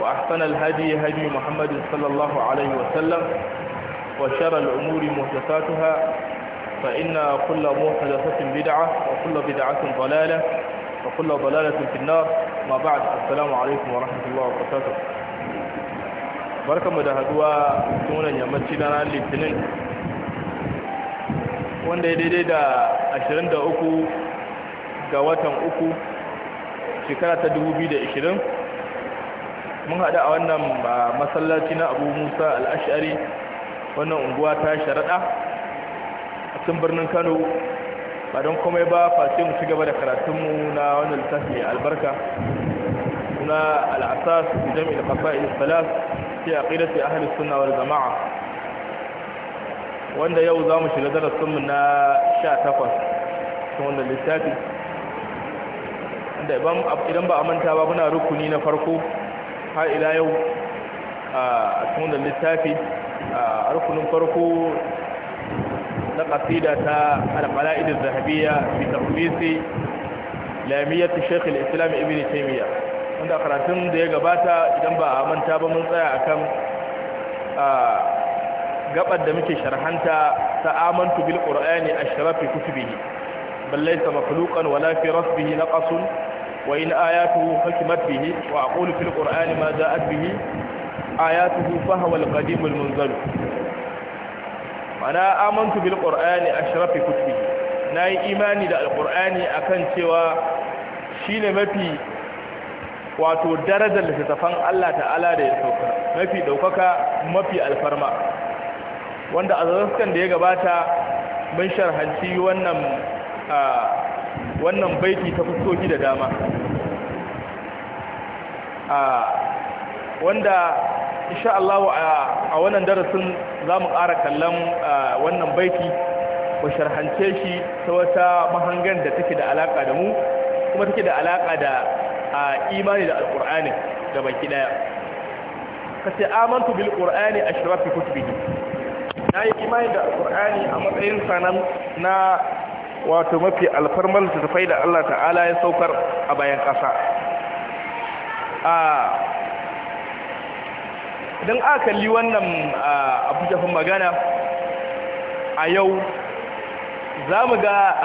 وأحسن الهدي هدي محمد صلى الله عليه وسلم وشر الأمور محدثاتها فإن كل محدثة بدعة وكل بدعة ضلالة وكل ضلالة في النار ما بعد السلام عليكم ورحمة الله وبركاته barkanmu da haduwa tun yammaci na ranar litinin wanda ya daidai da uku ga watan uku shekara ta 2020 mun haɗu a wannan masallaci na abu musa al'ashari wannan unguwa ta sharaɗa a cikin birnin kano ba don komai ba face mu ci gaba da karatunmu na wannan littafi albarka na al'asas jami'in sai a fi sai ahli sunna wal jama'a wanda yau zamu shiga darasinmu na 18 cikin wannan littafi idan ba a manta ba muna rukuni na farko har ila yau a cikin littafi a rukunin farko na kasida ta al-qala'id az-zahabiyya fi taqlisi lamiyyat Sheikh islam Ibn Taymiyyah wanda karatun da ya gabata idan ba a manta ba mun tsaya akan a gabar da muke sharhanta ta amantu bil a sharafi kutubihi ballai ta makhluqan wala fi rasbihi ƙasun. وإن آياته حكمت به وأقول في القرآن ما جاءت به آياته فهو القديم المنزل أنا آمنت بالقرآن أشرف كتبه ناي إيماني دا القرآن أكن سوى شين مفي wato darajar littattafan Allah ta'ala da ya sauka mafi daukaka mafi alfarma wanda a zaraskan da ya gabata mun sharhanci wannan wannan baiti ta fuskoki da dama wanda insha Allah a wannan darasin za mu ƙara kallon wannan baiti mu sharhance shi ta wata mahangan da take da alaƙa da mu kuma take da alaka da imani da alƙur'ani da baki ɗaya ka amantu bil qur'ani a kutubi na imani da alƙur'ani a matsayin sanan na wato mafi alfarmar littattafai da Allah ta'ala ya saukar a bayan ƙasa a don kalli wannan abujafin magana a yau za mu ga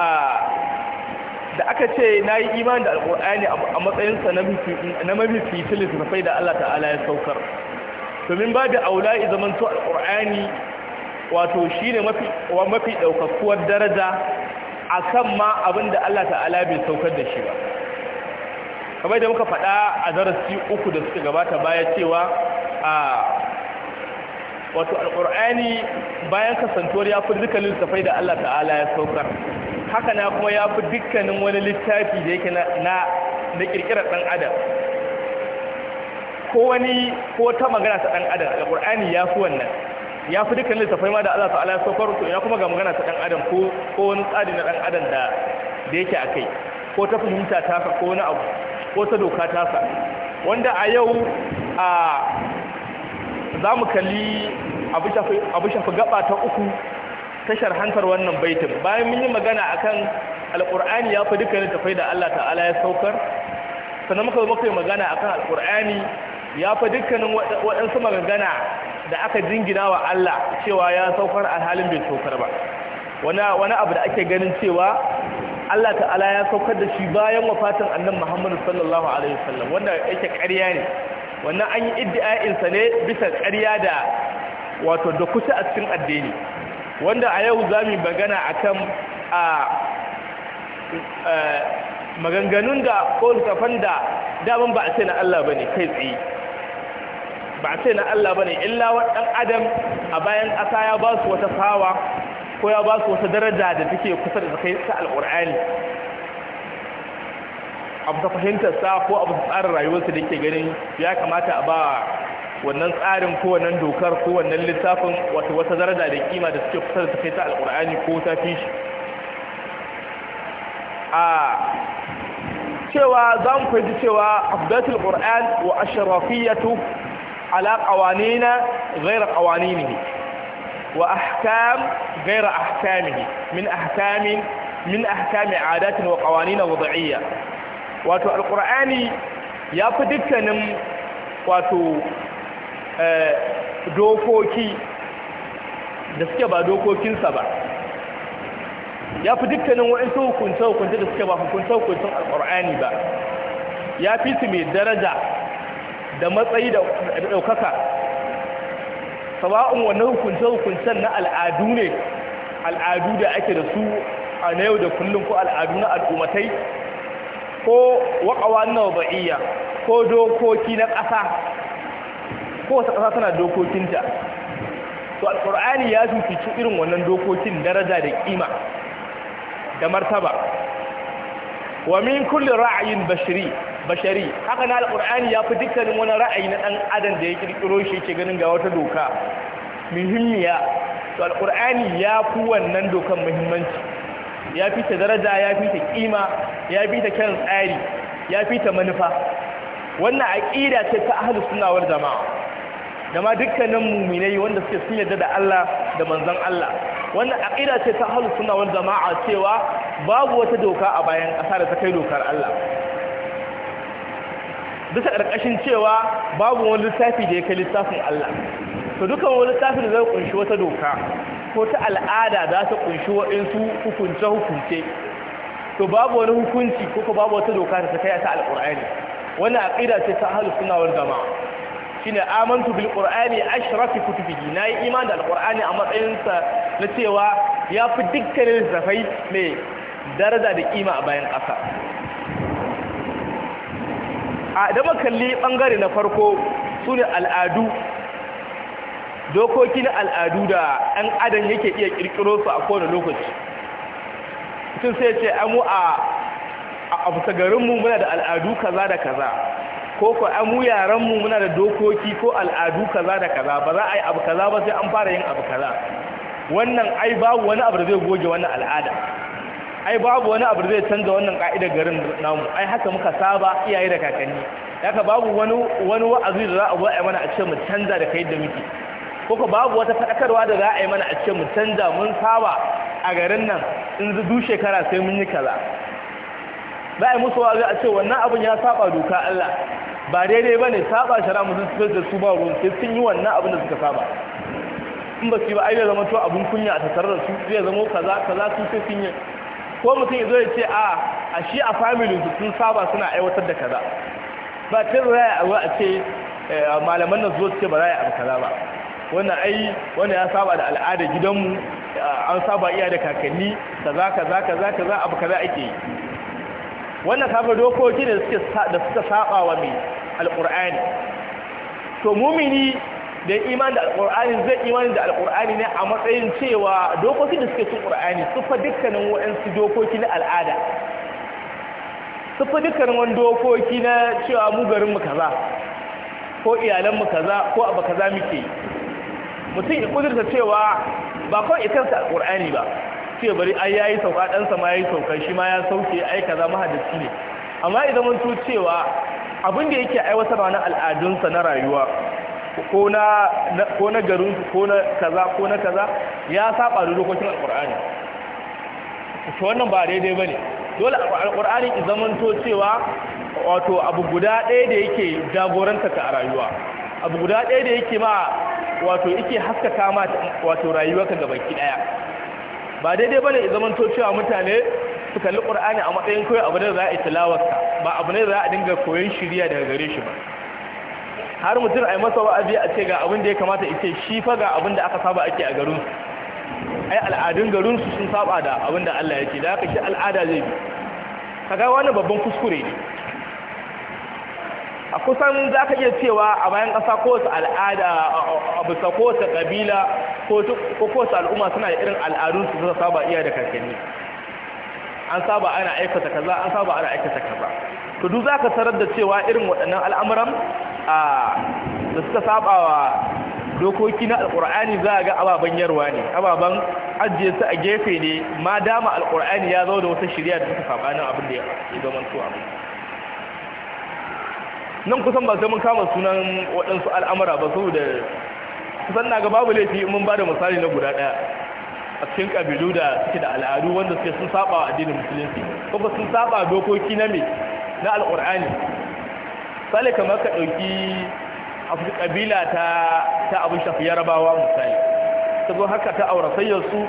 da aka ce na yi iman da alƙur'ani a matsayinsa na mafi mafificin littattafai da Allah ta'ala ya saukar domin ba da aula su alƙur'ani wato shi ne mafi ɗaukakuwar daraja A kan ma abin da Allah ta'ala bai saukar da shi ba kamar da muka faɗa a darasi uku da suka gabata baya cewa a wato alƙur'ani bayan kasantuwar ya fi dukkanin safai da Allah ta'ala ya saukar haka na kuma ya fi dukkanin wani littafi da yake na na ƙirƙirar ɗan adam ko wani ko ta magana ta ɗan adam alƙur'ani ya fi wannan ya fi dukkan littafai ma da Allah ta'ala ya saukar to ina kuma ga magana ta dan adam ko ko wani tsari na dan adam da da yake kai, ko ta fahimta ta ka ko wani abu ko ta doka ta sa wanda a yau a za mu kalli abu shafi abu shafi gaba ta uku ta sharhantar wannan baitin bayan mun yi magana akan alqur'ani ya fi dukkan littafai da Allah ta'ala ya saukar sannan muka zo muka yi magana akan alqur'ani ya fi dukkanin waɗansu magana da aka jingina wa Allah cewa ya saukar alhalin bai saukar ba wani abu da ake ganin cewa Allah ta'ala ya saukar da shi bayan wafatin annan Muhammadu sallallahu alaihi wasallam wanda yake ƙarya ne wannan an yi iddi'a'insa ne bisa karya da wato da kusa a cikin addini wanda a yau za mu magana akan a maganganun da ko da daman ba a ce na Allah ne kai tsaye ba a ce na Allah bane illa wa ɗan adam a bayan ƙasa ya ba su wata fawa ko ya ba su wata daraja da take kusa da kai ta al'ur'ani abu ta fahimtar sa ko abu ta tsarin rayuwarsa da ke ganin ya kamata a ba wannan tsarin ko wannan dokar ko wannan littafin wata wata daraja da kima da suke kusa da ta kai ta al'ur'ani ko ta fi shi a cewa za mu fahimci cewa abdatul qur'an wa ashrafiyatu على قوانين غير قوانينه وأحكام غير أحكامه من أحكام من أحكام عادات وقوانين وضعية واتو القرآن يفدك نم واتو dokoki da suke ba dokokinsa ba ya fi dukkanin waɗansu hukunce-hukunce da suke ba hukunce-hukuncen alƙar'ani ba ya fi su mai daraja da matsayi da ɗaukaka sawa'un wannan hukunce-hukuncen na al'adu ne al'adu da ake da su a na yau da kullum ko al'adu na al'ummatai ko waƙawa na ba'iyya ko dokoki na ƙasa ko wata ƙasa tana dokokinta to alƙur'ani ya cuci irin wannan dokokin daraja da ƙima da martaba wa min kulli ra'ayin bashiri bashari haka na alkur'ani ya fi dukkanin wani ra'ayi na ɗan adam da ya ƙirƙiro shi ke ganin ga wata doka muhimmiya to alƙur'ani ya fi wannan dokan muhimmanci ya fi ta daraja ya fi ta kima ya fi ta kyan tsari ya fi ta manufa wannan aƙida ce ta ahlus sunna wal jama'a da ma dukkanin muminai wanda suke sun yarda da Allah da manzon Allah wannan aƙida ce ta ahlus sunna wal jama'a cewa babu wata doka a bayan ƙasa da ta kai dokar Allah bisa ƙarƙashin cewa babu wani littafi da ya kai littafin Allah to dukan wani littafi da zai kunshi wata doka ko ta al'ada za ta kunshi waɗansu hukunce-hukunce to babu wani hukunci ko ko babu wata doka da ta kai ta alƙur'ani wannan aqida ce ta ahlus sunna wal jama'a shine amantu bil qur'ani ashrafi kutubihi nayi iman da alƙur'ani a matsayin sa na cewa ya yafi dukkanin zafai mai daraja da kima a bayan ƙasa a da makalli bangare na farko su ne al'adu dokoki na al'adu da ɗan adam yake iya ƙirƙiro su a kowane lokaci sun sai ce amu a abusa garinmu muna da al'adu kaza da kaza ko ko amu yaranmu muna da dokoki ko al'adu kaza da kaza ba za a yi abu kaza ba sai an fara yin abu kaza wannan ai babu wani abu da zai goge wannan al'ada ai babu wani abu zai canza wannan ka'idar garin namu ai haka muka saba iyaye da kakanni haka babu wani wani wa'azi da za a zo a yi mana a ce mu canza da kai da muke koko babu wata fadakarwa da za a yi mana a ce mu canza mun saba a garin nan in zu du shekara sai mun yi kaza za a yi musu wa'azi a ce wannan abin ya saba doka Allah ba daidai ba ne saba shara sun fitar da su ba ruwan sai sun yi wannan abin da suka saba in ba su yi ba ai zama to abun kunya a tattare da su zai zama kaza kaza su sai sun yi ko mutum ya zo ya ce a a shi a family su sun saba suna aiwatar da kaza ba ta raya a a ce eh, malaman nan zo ce ba raya abu kaza ba wannan ai wanda ya saba da al'adar gidanmu eh, an saba iya da kakanni kaza kaza kaza kaza abu kaza ake yi wannan kafa dokoki da suka saba wa mai alƙur'ani to mumini da imani da alƙur'ani zai imani da alƙur'ani ne a matsayin cewa dokokin da suke cin ƙur'ani su fa dukkanin waɗansu dokoki na al'ada su fa dukkanin wani dokoki na cewa mu garin mu kaza ko iyalan mu kaza ko abu kaza muke yi mutum ya kudurta cewa ba kawai kansa alƙur'ani ba ce bari ai ya yi sauka ɗansa ma ya yi sauka shi ma ya sauke ai kaza mahaddaci ne amma idan mun cewa abin da yake aiwatarwa na al'adunsa na rayuwa ko na su ko na kaza ko na kaza ya saba da dokokin alkur'ani to wannan ba daidai ba ne dole alkur'ani to cewa wato abu guda ɗaya da yake jagoranta ka a rayuwa abu guda ɗaya da yake ma wato yake haskaka ma wato ka ga baki ɗaya ba daidai ba ne to cewa mutane su kalli ƙur'ani a matsayin koyo abu ne da za a yi tilawarsa ba abu ne da za a dinga koyon shirya daga gare shi ba har mutum a yi masa wa'azi a ce ga abin da ya kamata ita shi fa ga abin da aka saba ake a garin su ai al'adun garin su sun saba da abin da Allah ya ce da haka shi al'ada zai bi kaga wani babban kuskure ne a kusan za ka iya cewa a bayan ƙasa kowace al'ada a bisa kowace ƙabila ko kowace al'umma suna da irin al'adun su suka saba iya da kakanni an saba ana aikata kaza an saba ana aikata kaza to duk za ka tarar da cewa irin waɗannan al'amuran da suka sabawa dokoki na alkur'ani za a ga ababen yarwa ne ababen ajiye su a gefe ne ma dama alkur'ani ya zo da wata shirya da suka sabanin abin da ya zama su abu nan kusan ba sai mun kama sunan waɗansu al'amura ba saboda kusan na ga babu laifi mun ba da misali na guda ɗaya a cikin ƙabilu da suke da al'adu wanda suke sun saba addinin musulunci kuma sun saba dokoki na me na alkur'ani Sale kamar ka ɗauki ƙabila ta abin shafi yarabawa misali ta haka ta aure sayyarsu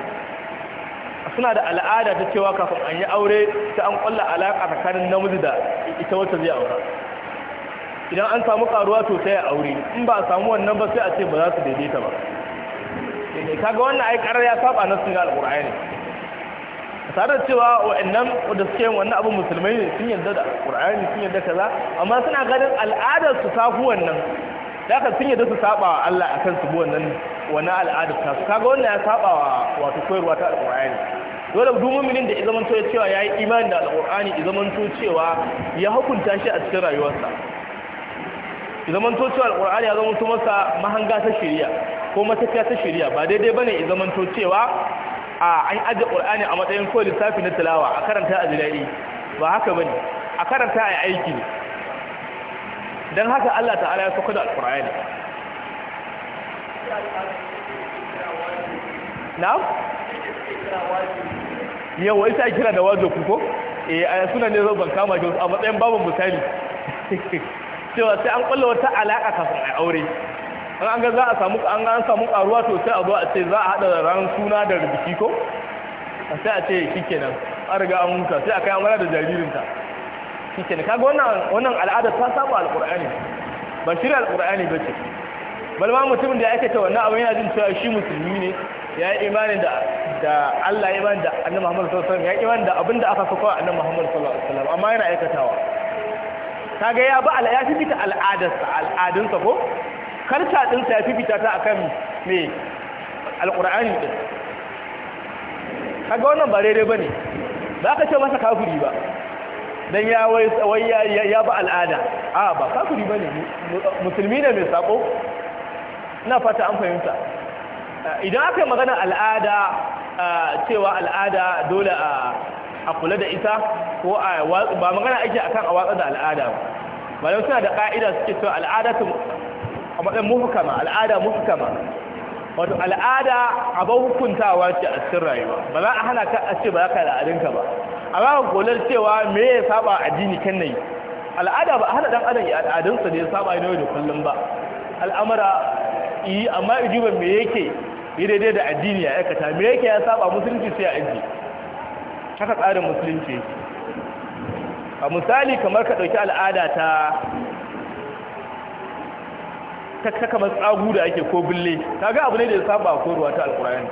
suna da al'ada ta cewa kafin an yi aure ta an ƙwalla alaƙa tsakanin namiji da ita wacce zai aura idan an samu ƙaruwa to sai a aure in ba a samu wannan ba sai a ce ba za su daidaita ba kaga wannan ai ya saba na sun ga ne? tare da cewa wa'annan da suke wannan abin musulmai ne sun yarda da qur'ani sun yarda kaza amma suna ganin al'adar su ta fi wannan da haka sun yarda su saba wa Allah akan su bi wannan wannan al'adar ta su kaga wannan ya saba wa wato koyarwa ta Alƙur'ani. dole duk mu'minin da ya zamanto cewa yayi imani da Alƙur'ani ya zamanto cewa ya hukunta shi a cikin rayuwarsa zaman to cewa alƙur'ani ya zama to masa mahanga ta shari'a ko matafiya ta shari'a ba daidai bane ya zaman to cewa a an aje qur'ani a matsayin ko lissafi na tilawa a karanta a jira'i ba haka bane a karanta a aiki dan haka Allah ta'ala ya saka da alqur'ani na'am yawa ita kira da wajo ko eh a sunan ne zan kama ki a matsayin babu misali cewa sai an kwallo wata alaka kafin a aure an an ga za a samu an an samu karuwa to sai a zo a ce za a hada ran suna da rubuci ko sai a ce shikenan an riga an huta sai a kai amana da jaririnta shikenan kaga wannan wannan al'ada ta saba alqur'ani ba shi alqur'ani ba ce. Balma mutumin da yake ta wannan abin yana jin cewa shi musulmi ne ya yi imani da da Allah ya imani da Annabi Muhammad sallallahu alaihi wasallam ya yi imani da abinda aka saka Annabi Muhammad sallallahu alaihi wasallam amma yana aikatawa kaga ya ba al'ada ya fita al'adarsa ko din ta ya fita ta akan me alƙur'ani din kaga wannan ba daidai ba ba ka ce masa kafiri ba don ya wai ya ba al'ada a ba kafiri ba musulmi ne mai sako ina fata an fahimta idan aka yi magana al'ada cewa al'ada dole a kula da ita ko ba magana ake akan a watsa da al'ada ba don suna da ka'ida suke cewa al'adatun a matsayin muhukama al'ada muhukama wato al'ada abin hukuntawa ce a cikin rayuwa ba za a hana ka a ce ba za ka al'adunka ba a za ka kolar cewa me ya saba addini kan nayi al'ada ba hana dan adam ya al'adunsa da ya saba yau da kullum ba al'amara yi amma ijuban me yake yi daidai da addini ya aikata me yake ya saba musulunci sai a aji haka tsarin musulunci a misali kamar ka ɗauki al'ada ta ta kamar tsagu da ake ko bille kaga abu ne da ya saba ko ruwa ta alkur'ani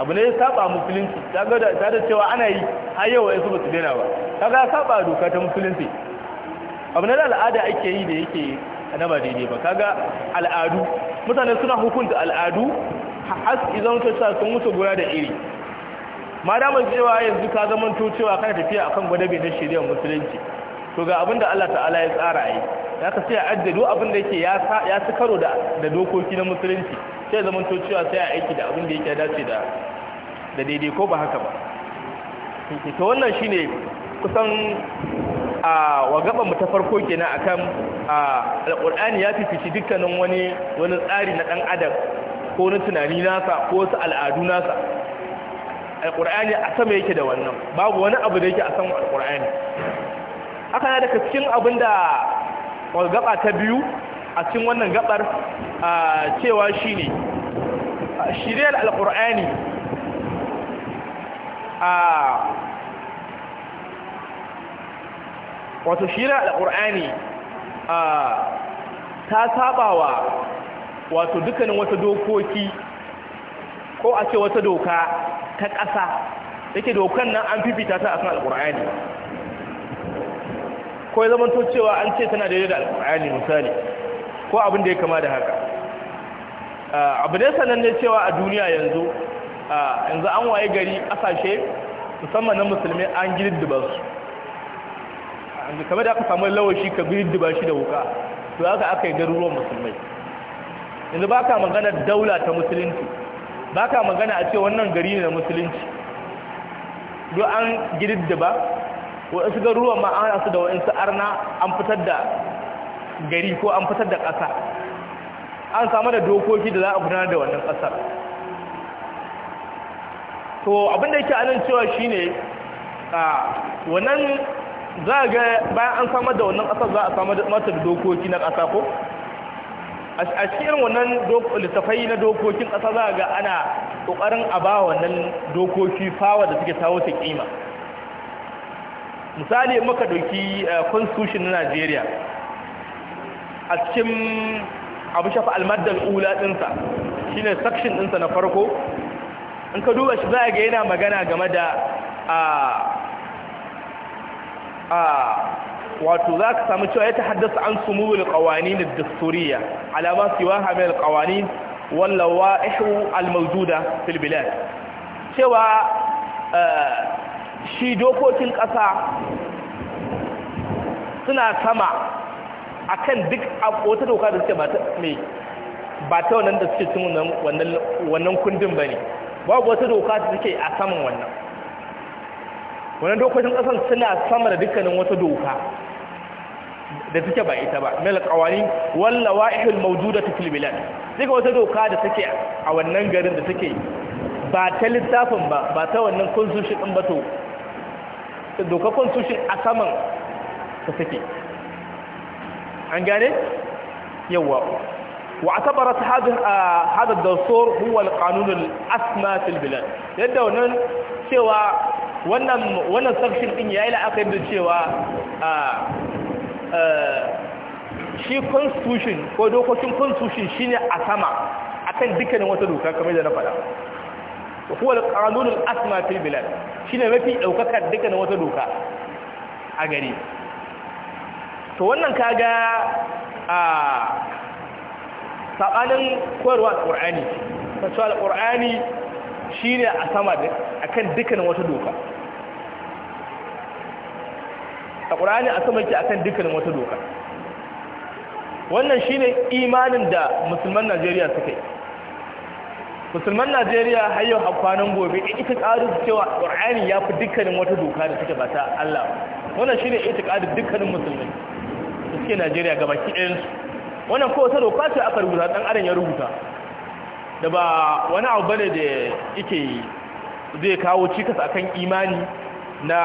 abu ne ya saba musulunci kaga da ta da cewa ana yi har yau wasu ba su daina ba kaga ya saba doka ta musulunci abu ne da al'ada ake yi da yake na ba daidai ba kaga al'adu mutane suna hukunta al'adu has idan ta sa sun wuce gura da iri ma da cewa yanzu ka to cewa kana tafiya akan gwada bai na shari'ar musulunci to ga abin da Allah ta'ala ya tsara yi ya ka sai a abin da yake ya su karo da dokoki na musulunci sai zaman to cewa sai a aiki da abin da yake dace da da daidai ko ba haka ba to wannan shine kusan a wagaban mu ta farko kenan akan alqur'ani ya fifici dukkanin wani wani tsari na dan adam ko na tunani nasa ko wasu al'adu nasa alqur'ani a sama yake da wannan babu wani abu da yake a sama alqur'ani haka na daga cikin abin da gaba ta biyu a cikin wannan gabar cewa shi ne shirya al'ur'ani a wato shirya al'ur'ani a ta sabawa wato dukkanin wata dokoki ko a ce wata doka ta ƙasa yake dokan nan an fifita ta kan al'ur'ani ko ya zamanto cewa an ce tana daidai da alƙur'ani misali ko abin da ya kama da haka ah, abu ne ne cewa a duniya yanzu ah, yanzu an waye gari ƙasashe musamman na musulmi an girdiba su kamar da aka samu lawashi ka girdiba shi da wuka to haka aka yi garuruwan musulmai yanzu ba ka magana daula ta musulunci ba ka magana a ce wannan gari ne na musulunci duk an girdiba waɗansu ruwan ma an su da waɗansu arna an fitar da gari ko an fitar da ƙasa an samu da dokoki da za a gudanar da wannan ƙasar to abinda yake anan cewa shine a wannan za ga bayan an samar da wannan ƙasar za a samar da da dokoki na ƙasa ko a cikin wannan littafai na dokokin ƙasa za ga ana ƙoƙarin a ba wannan dokoki fawa da suke tawo ta ƙima misali maka dauki eh, constitution na Najeriya a cikin abu shafa almaddal ula dinsa shine section dinsa na farko in ka duba shi za ga yana magana game da a a wato za ka samu cewa ya ta haddasa an su mubil qawanin da dasturiya alama siwa hamil qawanin wallawa ihu al-mawjuda cewa eh, shi dokokin ƙasa suna sama akan duk wata doka da suke ba ta wannan da suke cin wannan kundin ba ne babu wata doka da suke a saman wannan wannan dokokin ƙasan suna sama da dukkanin wata doka da suke ba ita ba mil qawani walla wa'ihul mawjudatu fil bilad duka wata doka da suke a wannan garin da suke ba ta littafin ba ba ta wannan shi ɗin ba to doka tushen a saman ta take an gane yawa واعتبرت هذا hada الدستور هو القانون الاسمى asma البلاد yadda wannan cewa wannan wannan din din yayi la'akari da cewa ah, ah, shi constitution ko dokokin constitution shine a sama akan dukkanin wata doka kamar da na faɗa huwa al-qanun al-asma fil bilad shine mafi daukakar na wata doka a gari to wannan kaga a sabanin koyarwa al-qur'ani kace al-qur'ani shine a sama da akan dukkan wata doka al-qur'ani a sama yake akan dukkan wata doka wannan shine imanin da musulman Najeriya suka yi musulman najeriya har yau kwanan gobe ita ƙarin cewa ƙur'ani ya fi dukkanin wata doka da suke ba ta allah wannan shi ne ita ƙarin dukkanin musulmai da suke najeriya ga baki ɗayansu wannan ko wata doka ce aka rubuta ɗan adam ya rubuta da ba wani abu bane da yake zai kawo cikas akan imani na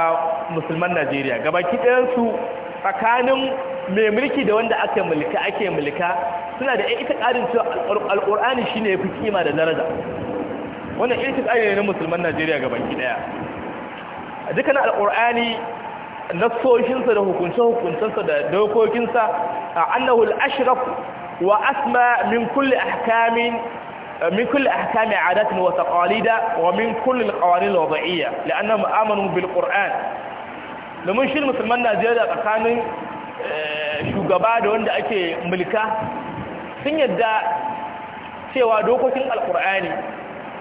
musulman najeriya ga baki ɗayansu tsakanin mai mulki da wanda ake mulka ake mulka suna da ita ƙarin cewa alƙur'ani shi ne ya fi kima da daraja wannan ita ƙari ne na musulman najeriya ga baki ɗaya dukkan na soshinsa da hukunce-hukuncensa da dokokinsa a annahu al'ashraf wa asma min kulli ahkamin من كل أحكام wa min kulli كل القوانين الوضعية لأنهم bil بالقرآن domin shi musulman najeriya tsakanin eh, shugaba da wanda ake mulka sun yadda cewa dokokin alkur'ani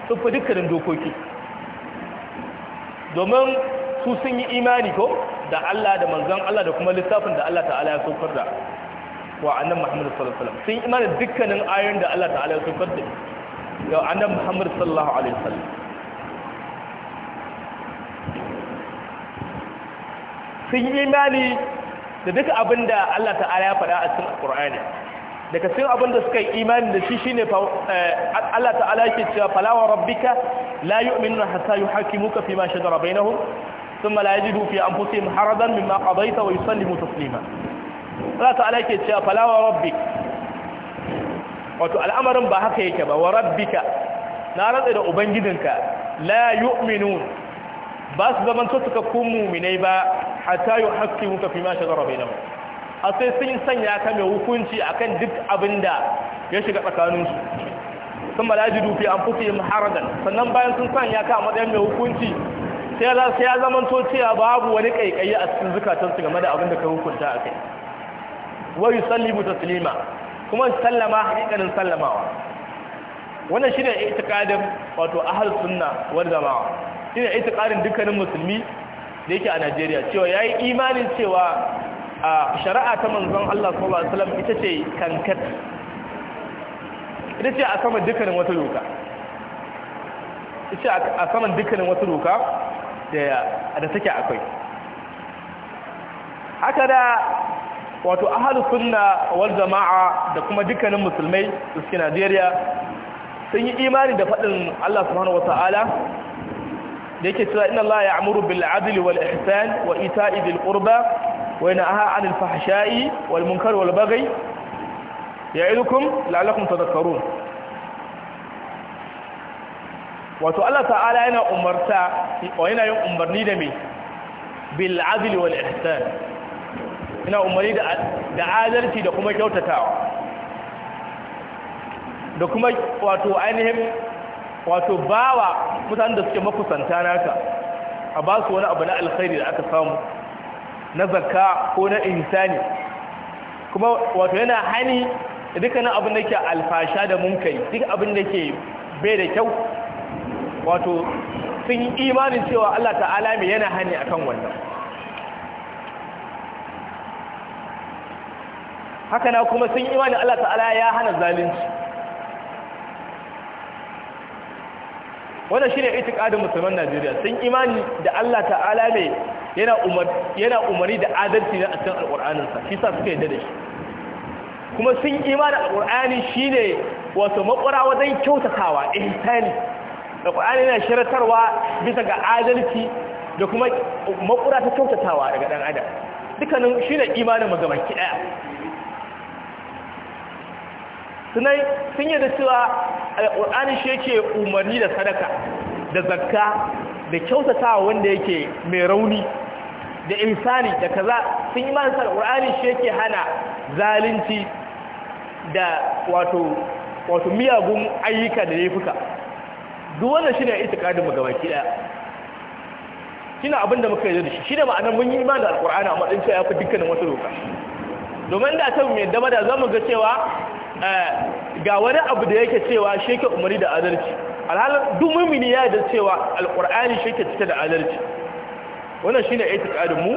sun fi dukkanin dokoki domin su sun yi imani ko da Allah da manzan Allah da kuma lissafin da Allah ta'ala ya saukar da wa annan Muhammad sallallahu alaihi wasallam sun yi imani dukkanin ayoyin da Allah ta'ala ya saukar da ya annan Muhammad sallallahu alaihi wasallam sun yi imani da duka abin da Allah ta'ala ya faɗa a cikin Al-Qur'ani daga cikin abin da suka yi imani da shi shine Allah ta'ala yake cewa falawa rabbika la yu'minuna hatta yuhakimuka fima shajara bainahum thumma la yajidu fi anfusihim haradan mimma qadayta wa yusallimu taslima Allah ta'ala yake cewa falawa rabbik wato al'amarin ba haka yake ba wa rabbika na rantsa da ubangidinka la yu'minun ba su zaman su suka kun mu'minai ba hatta yuhakimuka fima shajara bainahum a sai sun sanya ka mai hukunci akan duk abin da ya shiga tsakaninsu sun malaji dufi an fusi yin haradan sannan bayan sun sanya ka a matsayin mai hukunci sai ya zama to cewa babu wani kaikayi a cikin zukatansu game da abin da ka hukunta a kai mu ta silima? kuma sallama hakikanin sallamawa wannan shi ne i'tiqadin wato ahal sunna wal jamaa shine i'tiqadin dukkanin musulmi da yake a Najeriya cewa ya yi imanin cewa a shari'a ta manzon Allah sallallahu alaihi wasallam ita ce kankat ita ce a saman dukkanin wata doka ita a saman dukkanin wata doka da take akwai haka da wato ahlus sunna wal jama'a da kuma dukkanin musulmai da suke Najeriya sun yi imani da faɗin Allah subhanahu wata'ala da yake cewa inna Allah ya'muru bil 'adli wal ihsan wa ita'i dhil qurba aha وينهى عن الفحشاء والمنكر والبغي يعظكم لعلكم تذكرون wato Allah ta'ala yana umarta o yana yin umarni da mai bil adli wal ihsan yana umarni da da adalci da kuma kyautatawa da kuma wato ainihin wato bawa mutanen da suke makusanta naka a ba su wani abu na alkhairi da aka samu na zakka ko na insani kuma wato yana hani dukkanin abin da ke alfasha da munkari duk abin da ke bai da kyau wato sun yi imanin cewa Allah ta'ala mai yana hani akan wannan haka na kuma sun imanin Allah ta'ala ya hana zalunci wannan shine itikadin musulman Najeriya sun imani da Allah ta'ala ne yana umarni umari da adalci na a alƙur'aninsa shi sa suka yadda da shi kuma sun imani shi ne wasu makwara wajen kyautatawa ihsani alqur'ani yana sharatarwa bisa ga adalci da kuma makwara ta kyautatawa daga ɗan adam dukkanin shi ne imanin magabaki ɗaya sunai sun yi da cewa alƙur'ani shi yake umarni da sadaka da zakka da kyautatawa wanda yake mai rauni da insani da kaza sun yi masu alƙur'ani shi yake hana zalunci da wato miyagun ayyuka da laifuka duk ne shine itikadin mu gabaki daya ne abinda muka yi da shi Shi ne ma'anar mun yi imani da alƙur'ani a matsayin cewa ya fi dukkanin wata lokaci. domin da ta mai dama da zama ga cewa Eh, ga wani abu da yake cewa shi yake umarni da adalci alhalin duk ya da cewa alkur'ani shi cike da adalci wannan shine itiqadin mu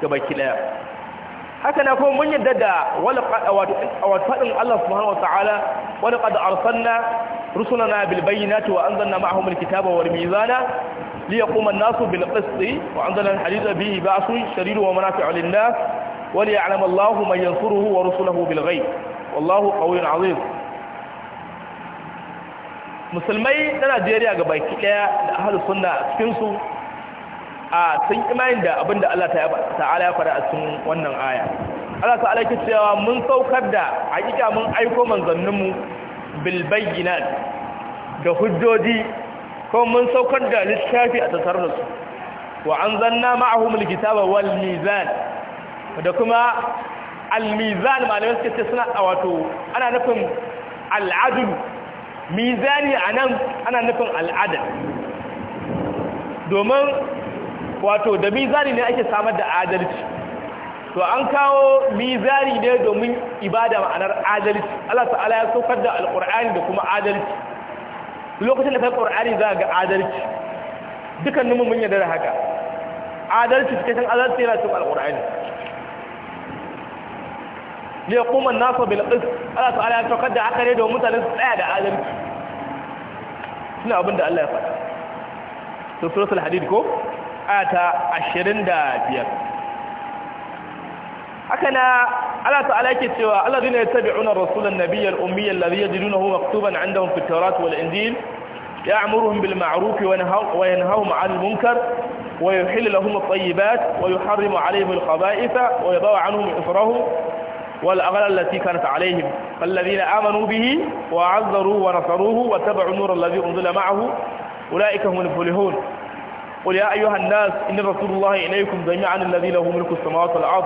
ga baki daya haka na kuma mun yadda da wala wato Allah subhanahu na wala qad arsalna rusulana bil bayyinati wa anzalna ma'ahum al kitaba wal mizana ليقوم الناس بالقسط وعندنا الحديث به بأس شرير ومنافع للناس وليعلم الله yansuruhu wa ورسله بالغيب wallahu qawiyyun azim musulmai na Najeriya ga baki ɗaya da ahal sunna a cikinsu a sun imanin da abinda Allah ta'ala ya fara a cikin wannan aya Allah ta'ala yake cewa mun saukar da hakika mun aiko manzanninmu bil da hujjoji ko mun saukar da littafi a su. wa zanna ma'ahum kitaba wal mizan da kuma al-mizan malamai suka ce suna a wato ana nufin al'adul mizani a nan ana nufin al'adar domin wato da mizani ne ake samar da adalci to an kawo mizani ne domin ibada ma'anar adalci Allah ta'ala ya saukar da alƙur'ani da kuma adalci lokacin da kai qur'ani za ga adalci dukkaninmu mun yarda da haka adalci cikakken adalci yana cikin alƙur'ani ليقوم الناس بالقص الله تعالى يتقدى عقل يده ومثل السعادة أعلم سنعبن دع الله يفعل سورة الحديد كو آتا آية عشرين دا بيان أكنا ألا تعليك سوى الذين يتبعون الرسول النبي الأمي الذي يجدونه مكتوبا عندهم في التوراة والإنجيل يأمرهم بالمعروف وينهوهم عن المنكر ويحل لهم الطيبات ويحرم عليهم الخبائث ويضع عنهم عفرهم والأغلى التي كانت عليهم فالذين آمنوا به وعذروا ونصروه واتبعوا النور الذي أنزل معه أولئك هم الفلحون قل يا أيها الناس إن رسول الله إليكم جميعا الذي له ملك السماوات والأرض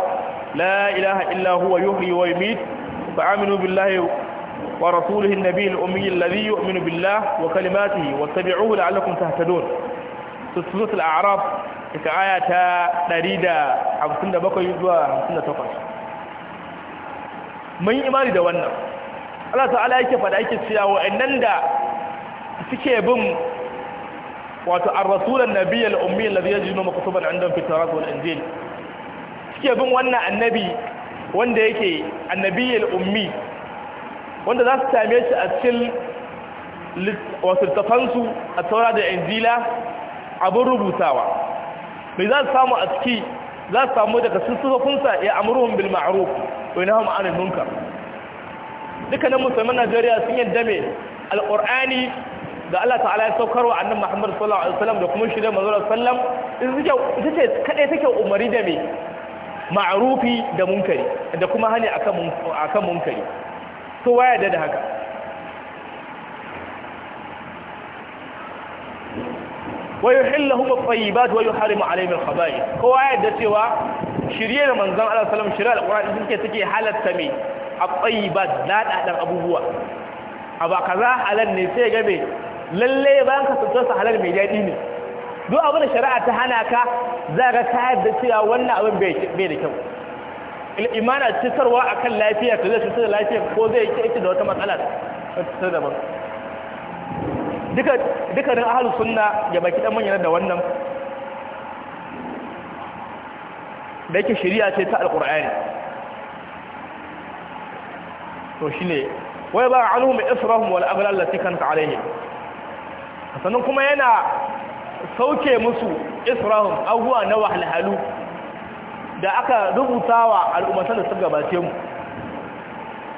لا إله إلا هو يحيي ويميت فآمنوا بالله ورسوله النبي الأمي الذي يؤمن بالله وكلماته واتبعوه لعلكم تهتدون سورة الأعراف ita حفظنا بقى 157 حفظنا 58 mun yi imani da wannan Allah ta'ala yake faɗa yake cewa wa'annan da suke bin wato ar-rasulan al ummi alladhi yajidu maktuban indahum fi tawrat wal injil suke bin wannan annabi wanda yake al ummi wanda za su same shi a cikin wasu tafansu a taura da injila abin rubutawa mai za su samu a ciki za su samu daga sun sufafinsa ya amuruhun bil ma'ruf wani hau ma'anin munkar dukkanin musulman najeriya sun yadda mai alƙur'ani da allah ta'ala ya saukarwa annan muhammad sallallahu alaihi wasallam da kuma shirin mazuwar sallam ita ce kaɗai take umari da mai ma'arufi da munkari da kuma hani akan munkari kowa ya da haka wa yuhilluhum at-tayyibat wa yuharrimu alayhim al-khaba'ith kowa ya yadda cewa shirye da manzon Allah sallallahu alaihi wasallam shirye al-Qur'ani suke take halatta me at-tayyibat dadadan abubuwa aba kaza halal ne sai ga me lalle ba ka tsotsa halal me dadi ne duk abin da shari'a ta hana ka za ka ka yadda cewa wannan abin bai da kyau imana cikarwa akan lafiyar ka zai cutar da lafiyar ko zai ita da wata matsala ta daban dukkanin Ahal Suna ya baki dan manyan da wannan da yake shirya ce ta alkur'ani to shi ne wai ba mai israhum wa al'agular lati kanat alaihim sannan kuma yana sauke musu israhum abuwa na wahalhalu da aka rubuta wa al'ummatar da su gabace mu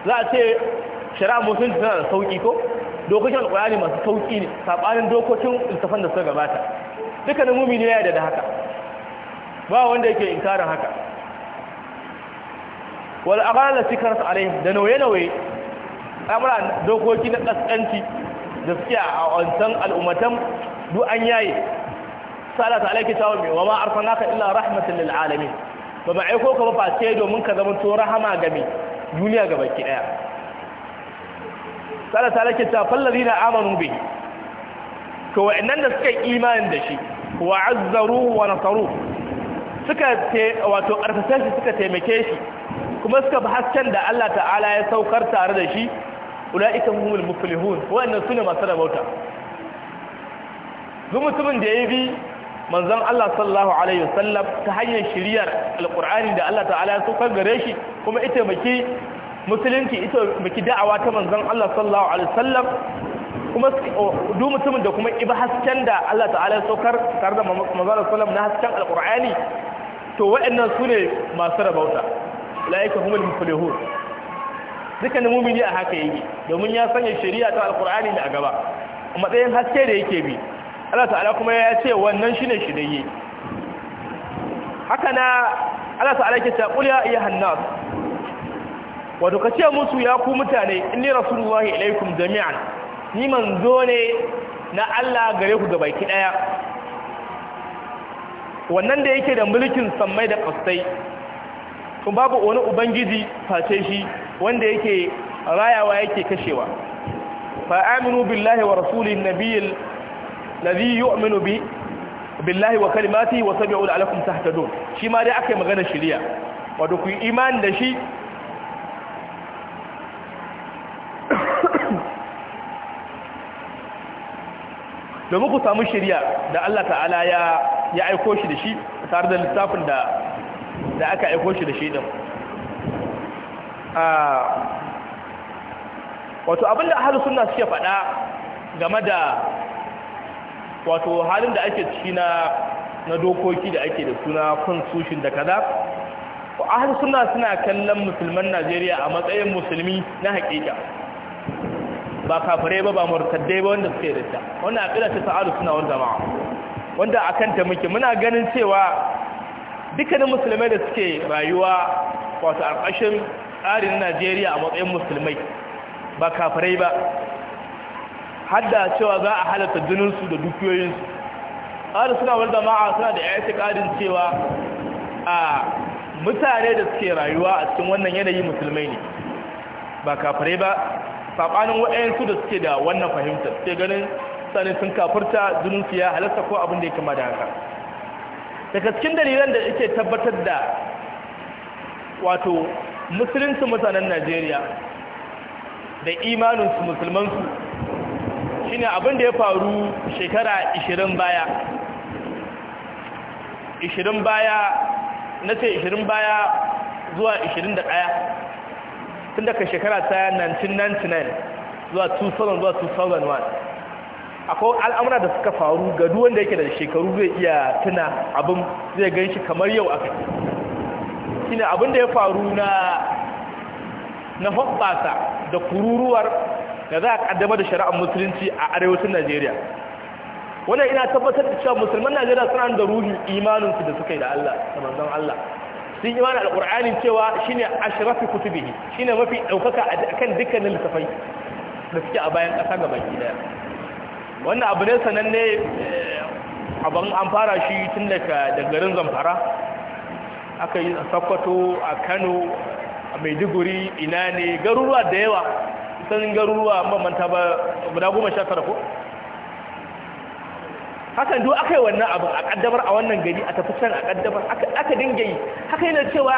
za a ce shari'a musulunci tana da sauki ko dokokin alkurani masu sauki ne sabanin dokokin littafan da suka gabata dukkanin mumini ya yada da haka ba wanda yake inkarin haka wal aqala sikrat alaihim da nauye nauye amra dokoki na kaskanci da suke a wancan al'ummatan duk an yaye sala ta alaiki tawo mai wama arsalnaka illa rahmatan lil alamin ba ba aiko ka ba face domin ka zama to rahama ga mai duniya gabaki daya Allah ta lake ta fallazina amanu bi to wa'annan da suka yi imanin da shi wa azzaru wa nasaru suka wato karfafe shi suka taimake shi kuma suka bi hasken da Allah ta'ala ya saukar tare da shi ulaika humul muflihun wa'annan sune masu rabauta duk mutumin da ya bi manzon Allah sallallahu alaihi wasallam ta hanyar shiriyar alqur'ani da Allah ta'ala ya saukar gare shi kuma ita maki musulunci ita miki da'awa ta manzon Allah sallallahu alaihi wasallam kuma duk mutumin da kuma ibi hasken da Allah ta'ala ya saukar tare da manzon sallam na hasken alqur'ani to wa'annan su ne masu rabauta la'ika humul muflihun dukkanin mumini a haka yake domin ya sanya shari'a ta alqur'ani ne a gaba matsayin haske da yake bi Allah ta'ala kuma ya ce wannan shine shirye haka na Allah ta'ala ke ta qul ya ayyuhan nas wato ka ce musu ya ku mutane inni rasulullahi ilaikum jami'an ni manzo ne na Allah gare ku baki daya wannan da yake da mulkin sammai da kasai kun babu wani ubangiji face shi wanda yake rayawa yake kashewa fa aminu billahi wa rasulihi nabiyil ladhi yu'minu bi billahi wa kalimatihi wa sabi'u alaikum tahtadun shi ma dai akai magana shari'a wato ku imani da shi domin ku samu shirya da Allah ta'ala ya ya aiko shi da shi tare da littafin da da aka aiko shi da shi din wato abinda ahlus sunna suke faɗa game da wato halin da ake ciki na na dokoki da ake da suna sushin da kaza ahlus sunna suna kallon musulman Najeriya a matsayin musulmi na hakika. ba kafirai ba ba murtaddai ba wanda suke ridda wannan aqida ta sa'adu suna wanda ma wanda akan ta muke muna ganin cewa dukkanin musulmai da suke rayuwa wato alƙashin tsarin Najeriya a matsayin musulmai ba kafirai ba hadda cewa za a halatta jininsu da dukiyoyinsu tsarin suna wal jama'a suna da ya ƙarin cewa a mutane da suke rayuwa a cikin wannan yanayi musulmai ne ba kafirai ba sabanin waɗansu da suke da wannan fahimtar suke ganin sanin sun kafurta zunubi ya halasta ko abin da ya kama da haka daga cikin dalilan da yake tabbatar da wato musulunci mutanen najeriya da imaninsu musulmansu shine abin da ya faru shekara 20 baya 20 baya na ce 20 baya zuwa 21 tun daga shekara ta 1999 zuwa 2000 zuwa 2001 akwai al'amura da suka faru ga duk wanda yake da shekaru zai iya tuna abin zai gan shi kamar yau aka shine abin da ya faru na na da kururuwar da za a kaddama da shari'ar musulunci a arewacin najeriya wannan ina tabbatar da cewa musulman najeriya suna da ruhin imaninsu da suka yi da allah da manzon allah sun yi mana alƙur'anin cewa shine ashrafi shi shine mafi ɗaukaka a kan dukkanin littafai da suke a bayan ƙasa ga baki daya wannan abu ne sananne eh, abin an fara shi tun daga garin zamfara aka yi sakwato a kano a maiduguri ina ne garuruwa da yawa sanin garuruwa mamanta ba guda goma sha tara ko hakan duk aka yi wannan abin a kaddamar a wannan gari a tafi can a kaddamar aka dinga yi haka yana cewa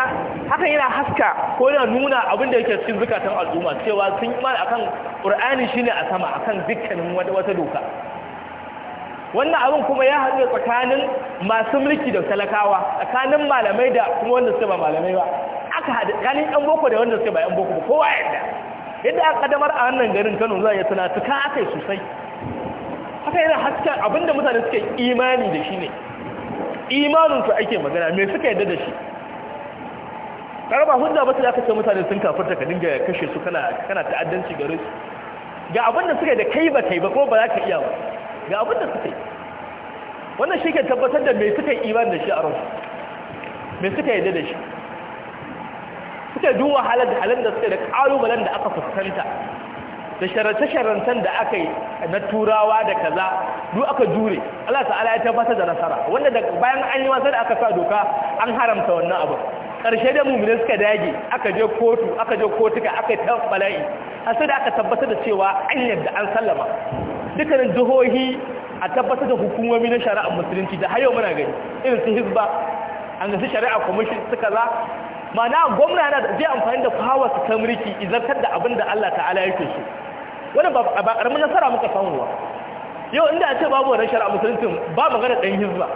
haka yana haska ko yana nuna abin da yake cikin zukatan al'umma cewa sun yi mana akan qur'ani shine a sama akan dukkanin wata doka wannan abin kuma ya haɗu tsakanin masu mulki da talakawa tsakanin malamai da kuma wanda suka ba malamai ba aka haɗu tsakanin yan boko da wanda suka ba yan boko ba kowa yadda yadda aka kaddamar a wannan garin Kano za ya tuna tuka akai sosai haka yana haska abinda mutane suka imani da shi ne imaninsu ake magana mai suka yadda da shi karba hujja ba su da aka ce mutane sun kafarta ka dinga kashe su kana ta'addanci gare su ga abinda suka yi da kai ba kai ba ko ba za ka iya ba ga abinda suka yi wannan shi ke tabbatar da mai suka yi imani da shi a ransu mai suka yadda da shi suka duwa halar da halar da suka da ƙalubalen da aka fuskanta da sharance-sharancen da aka yi na turawa da kaza duk aka jure Allah ta'ala ya tabbatar da nasara wanda bayan an yi wasa da aka sa doka an haramta wannan abu karshe da mummune suka dage aka je kotu aka je kotuka aka yi bala'i har sai da aka tabbatar da cewa an yadda an sallama dukkanin jihohi a tabbatar da hukumomi na shari'a musulunci da har yau muna gani irin su hizba an gasi shari'a kwamishin su kaza ma'ana gwamna na zai amfani da power su ta izartar da abin da Allah ta'ala yake so wannan ba a ƙaramin nasara muka samu ba yau inda a ce babu wani shari'a musulunci ba magana ɗan hizba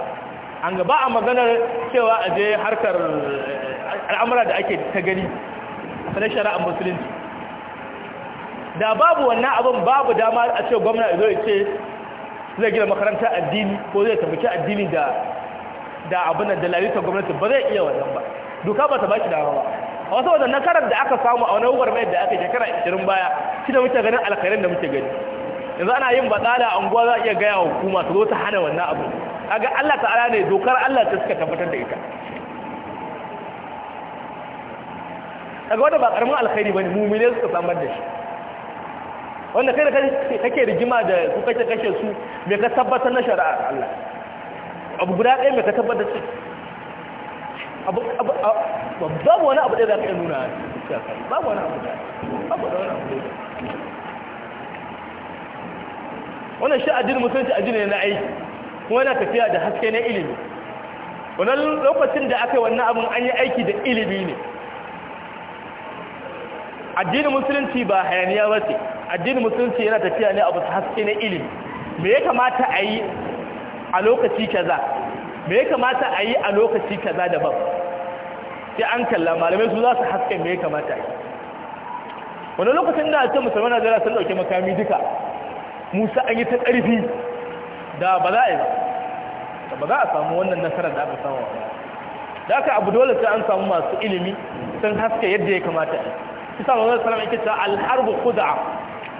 an gaba ba a maganar cewa a je harkar eh, al'amura da ake ta gani na shari'a musulunci da babu wannan abin babu dama a ce gwamna zo ya ce zai gina makaranta addini ko zai tabbaki addini da da abin da lalita gwamnati ba zai iya wannan ba doka ba ta shi dama ba wasu saboda nasarar da aka samu a wani gwagwarmayar da aka shekara 20 baya shi da muke ganin alkhairin da muke gani yanzu ana yin batsala a unguwa za a iya gaya wa hukuma su zo ta hana wannan abu kaga Allah ta'ala ne dokar Allah ta suka tabbatar da ita kaga wanda ba karamin alkhairi bane mumine suka samar da shi wanda kai da kake rigima da ku kake kashe su me ka tabbatar na shari'ar Allah abu guda ɗaya me ka tabbatar da shi babu wani abu da za ka nuna babu wani abu wani abu wannan shi addinin musulunci addini ne na aiki kuma yana tafiya da haske na ilimi wannan lokacin da aka yi wannan abin an yi aiki da ilimi ne addinin musulunci ba hayaniya ba ce addinin musulunci yana tafiya ne abu haske na ilimi me ya kamata a yi a lokaci kaza me ya kamata a yi a lokaci kaza daban sai an kalla malamai su za su haske me ya kamata yi wani lokacin da a musamman na zara sun dauke makami duka musa an yi ta ƙarfi da ba za a yi ba ba za a samu wannan nasarar da aka samu da aka abu dole sai an samu masu ilimi sun haske yadda ya kamata a yi su samu wani salama ake cewa alharbu kuda'a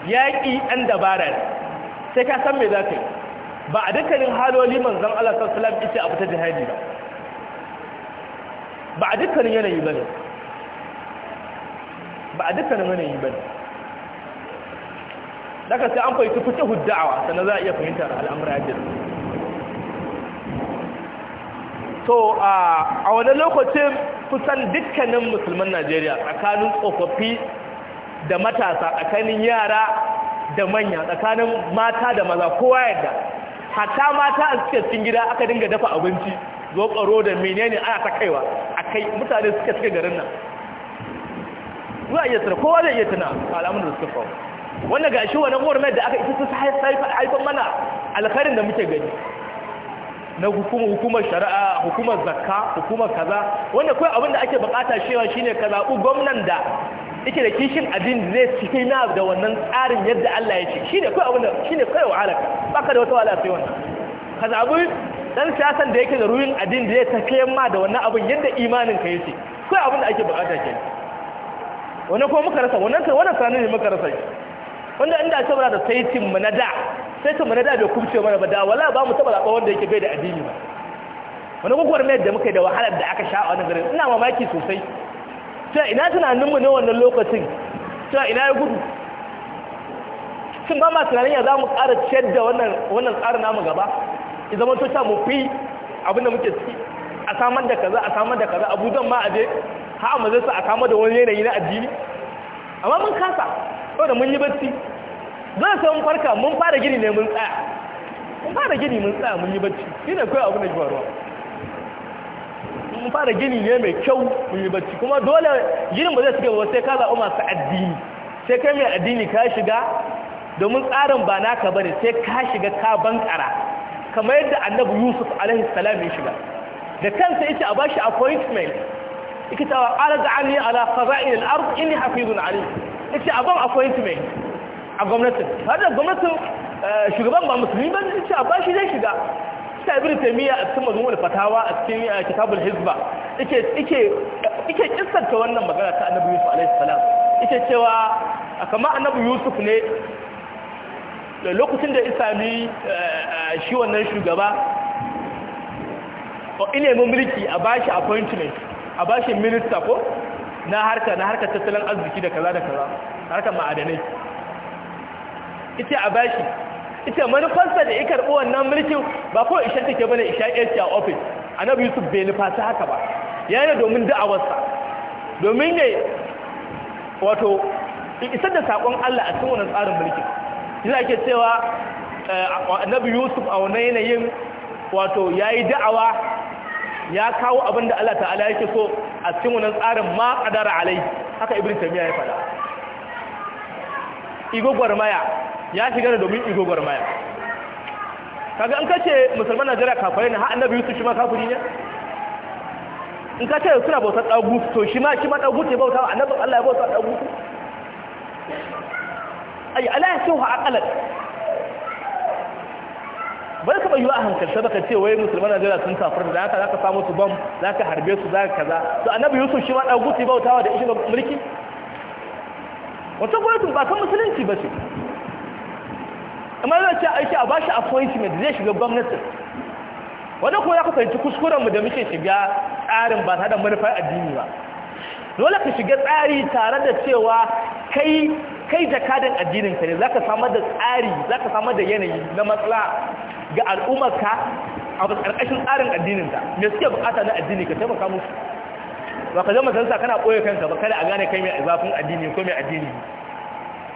yaƙi ɗan dabara sai ka san me za ka yi ba a dukkanin haloli manzan Allah sallallahu alaihi wasallam yace a fita jihadi ba ba a dukkanin yanayi ba ne ba a dukkanin yanayi ba ne daga sai an fahimci fita hudda'awa sannan za a iya fahimtar al'amura yadda to a wani lokacin kusan dukkanin musulman najeriya tsakanin tsofaffi da matasa tsakanin yara da manya tsakanin mata da maza kowa yadda Hata mata a suke cikin gida aka dinga dafa abinci zo ƙaro da menene ana ta kaiwa a kai mutane suka cikin garin nan zuwa a iya tuna kowa zai iya tuna al'amun da suka faru wanda ga shi wani gwamnati da aka ita su haifan mana alkharin da muke gani na hukumar shari'a hukumar zakka hukumar kaza wanda kawai abin da ake bukata shewa shine ka zaɓi gwamnan da yake da kishin abin zai cike na da wannan tsarin yadda Allah ya ce shi ne kai abin da shi ne kai wahala baka da wata wahala sai wannan ka zabi dan siyasan da yake da ruhin abin da ya tafi ma da wannan abin yadda imanin ka yake kai abin da ake bukata ke wannan ko muka rasa wannan kai wannan sanin ne muka rasa wanda inda ta bara da saitin mu na da saitin mu na da bai kubce mana ba da wala ba mu taba zaba wanda yake bai da addini ba wani gwagwarmayar da muka yi da wahalar da aka sha a wani garin ina mamaki sosai ta ina tunaninmu ne wannan lokacin ta ina ya gudu sun ba ma tunanin ya za mu ƙara ciyar da wannan tsarin namu gaba ya zama tuta mu fi abinda muke ciki a samar da kaza a samar da kaza zan ma a je ha a mazarsa a samar da wani yanayi na addini amma mun kasa saboda mun yi bacci zai sai mun farka mun fara gini ne mun tsaya mun fara gini mun tsaya mun yi bacci shi ne kawai abin da ke mun fara gini ne mai kyau mun yi bacci kuma dole ginin ba zai shiga ba sai ka zaɓi masu addini sai kai mai addini ka shiga domin tsarin ba naka bane sai ka shiga ka bankara kamar yadda annabi yusuf alaihi salam ya shiga da kansa yace a bashi appointment yake cewa alaga anni ala qaza'il al-ard inni hafizun alim yace a ban appointment a gwamnatin har da gwamnatin eh, shugaban ba musulmi ba yace a bashi zai shiga ta ibn taymiya a cikin mazmun fatawa a cikin uh, kitabul hizba yake yake yake kissarta wannan magana ta annabi yusuf alaihi salam yake cewa kamar annabi yusuf ne lokacin da isa ne uh, uh, shi wannan shugaba Ko mu mulki a bashi appointment a bashi minista ko na harka na harka tattalin arziki da kaza da kaza harkar ma'adanai ita a bashi ita manufarsa da ya karɓi wannan mulkin ba ko ishen take bane isha yanci a ofis annabi yusuf bai nufa ta haka ba ya yana domin da'awarsa domin ya wato isar da saƙon allah a cikin wannan tsarin mulkin yana ake cewa eh, annabi yusuf a wannan yanayin wato ya yi da'awa ya kawo abin da allah ta'ala yake so a cikin wannan tsarin ma ƙadara alai haka ibrin tamiya ya faɗa maya ya shiga da domin maya kaga in kace musulman Najeriya kafare ne ha annabi Yusuf shi ma kafuri ne in kace suna bautar ɗagu to shi ma shi ma dagut ne bautawa annabin Allah ya bautar dagut ai ala yasuha aqalan bar ka bayyana a hankalta baka ce wai musulman Najeriya sun kafar da haka zaka samu su bam zaka harbe su zaka kaza to annabi Yusuf shi ma dagut ne bautawa da ishin mulki wata gwamnatin ba kan musulunci ba ce amma zai ce a aiki a bashi appointment zai shiga gwamnatin wanda kuma ya kusanci kuskurenmu da muke shiga tsarin ba tare da manufar addini ba dole ka shiga tsari tare da cewa kai kai jakadan addinin ka ne zaka samar da tsari zaka samar da yanayi na matsala ga al'ummarka a ƙarƙashin tsarin addinin ka me suke bukata na addini ka taimaka musu ba ka zama sansa kana ɓoye kanka ba kada a gane kai mai zafin addini ko mai addini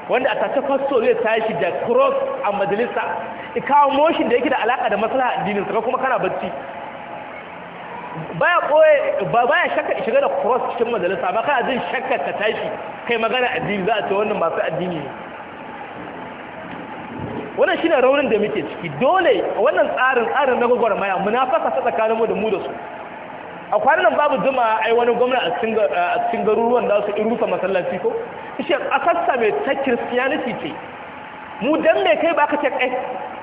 wanda a tace fasto zai shi da cross a majalisa ikawo motion da yake da alaka da maslaha addinin sa kuma kana bacci baya koye ba baya shakka shiga da cross cikin majalisa ba kana jin shakka ka tashi kai magana addini za a ce wannan masu addini ne wannan shine raunin da muke ciki dole wannan tsarin tsarin na gwagwarmaya munafasa ta tsakaninmu da mu da su a kwanan babu zuma ai wani gwamna a cikin garuruwan da su rufe masallaci ko ishe a sassa mai ta kiristiyaniti ce mu dan mai kai ba ka ce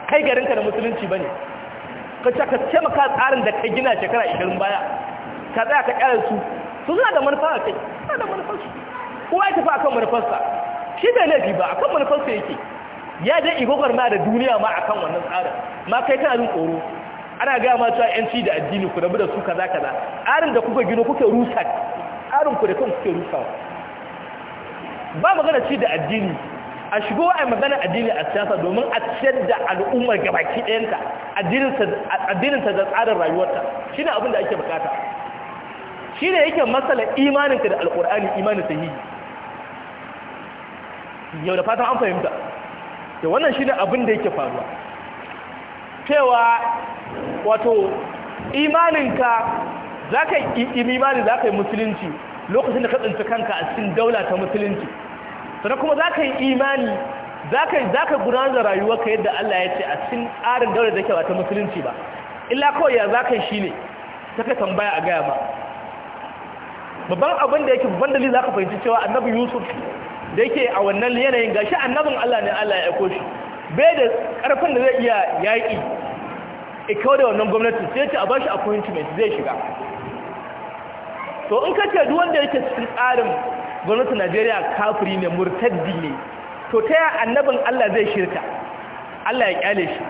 kai garinka da musulunci ba ne ka ce ka ce maka tsarin da kai gina shekara ishirin baya ka tsaya ka kyara su su suna da manufa a kai suna da kowa ya tafi akan manufarsa shi bai laifi ba akan manufarsa yake ya je igogar ma da duniya ma akan wannan tsarin ma kai tana jin tsoro ana gaya ma cewa yanci da addini ku rabu da su kaza kaza arin da kuka gino kuka rusa arin ku da kan kuke rusawa ba magana ci da addini a shigo a magana addini a siyasa domin a ciyar da al'ummar gabaki ɗayanta addininta da tsarin rayuwarta shi ne abin da ake bukata shi ne yake matsala imaninka da Alkur'ani imanin sahihi yau da fatan an fahimta da wannan shi ne abin da yake faruwa cewa wato imaninka za ka yi imani za ka yi musulunci lokacin da ka tsinci kanka a cikin daula ta musulunci sannan kuma za ka yi imani za ka gudanar da rayuwarka yadda Allah ya ce a cikin tsarin daula da ke ba ta musulunci ba illa kawai ya za ka yi shi ne ta ka tambaya a gaya ba babban abin da yake babban dalil za ka fahimci cewa annabi yusuf da yake a wannan yanayin gashi annabin Allah ne Allah ya aiko shi bai da karfin da zai iya yaƙi kyau da wannan gwamnati sai ta a bashi appointment zai shiga to in ka ce wanda yake cikin tsarin gwamnatin najeriya kafiri ne murtaddi ne to ta yi annabin allah zai shirka allah ya kyale shi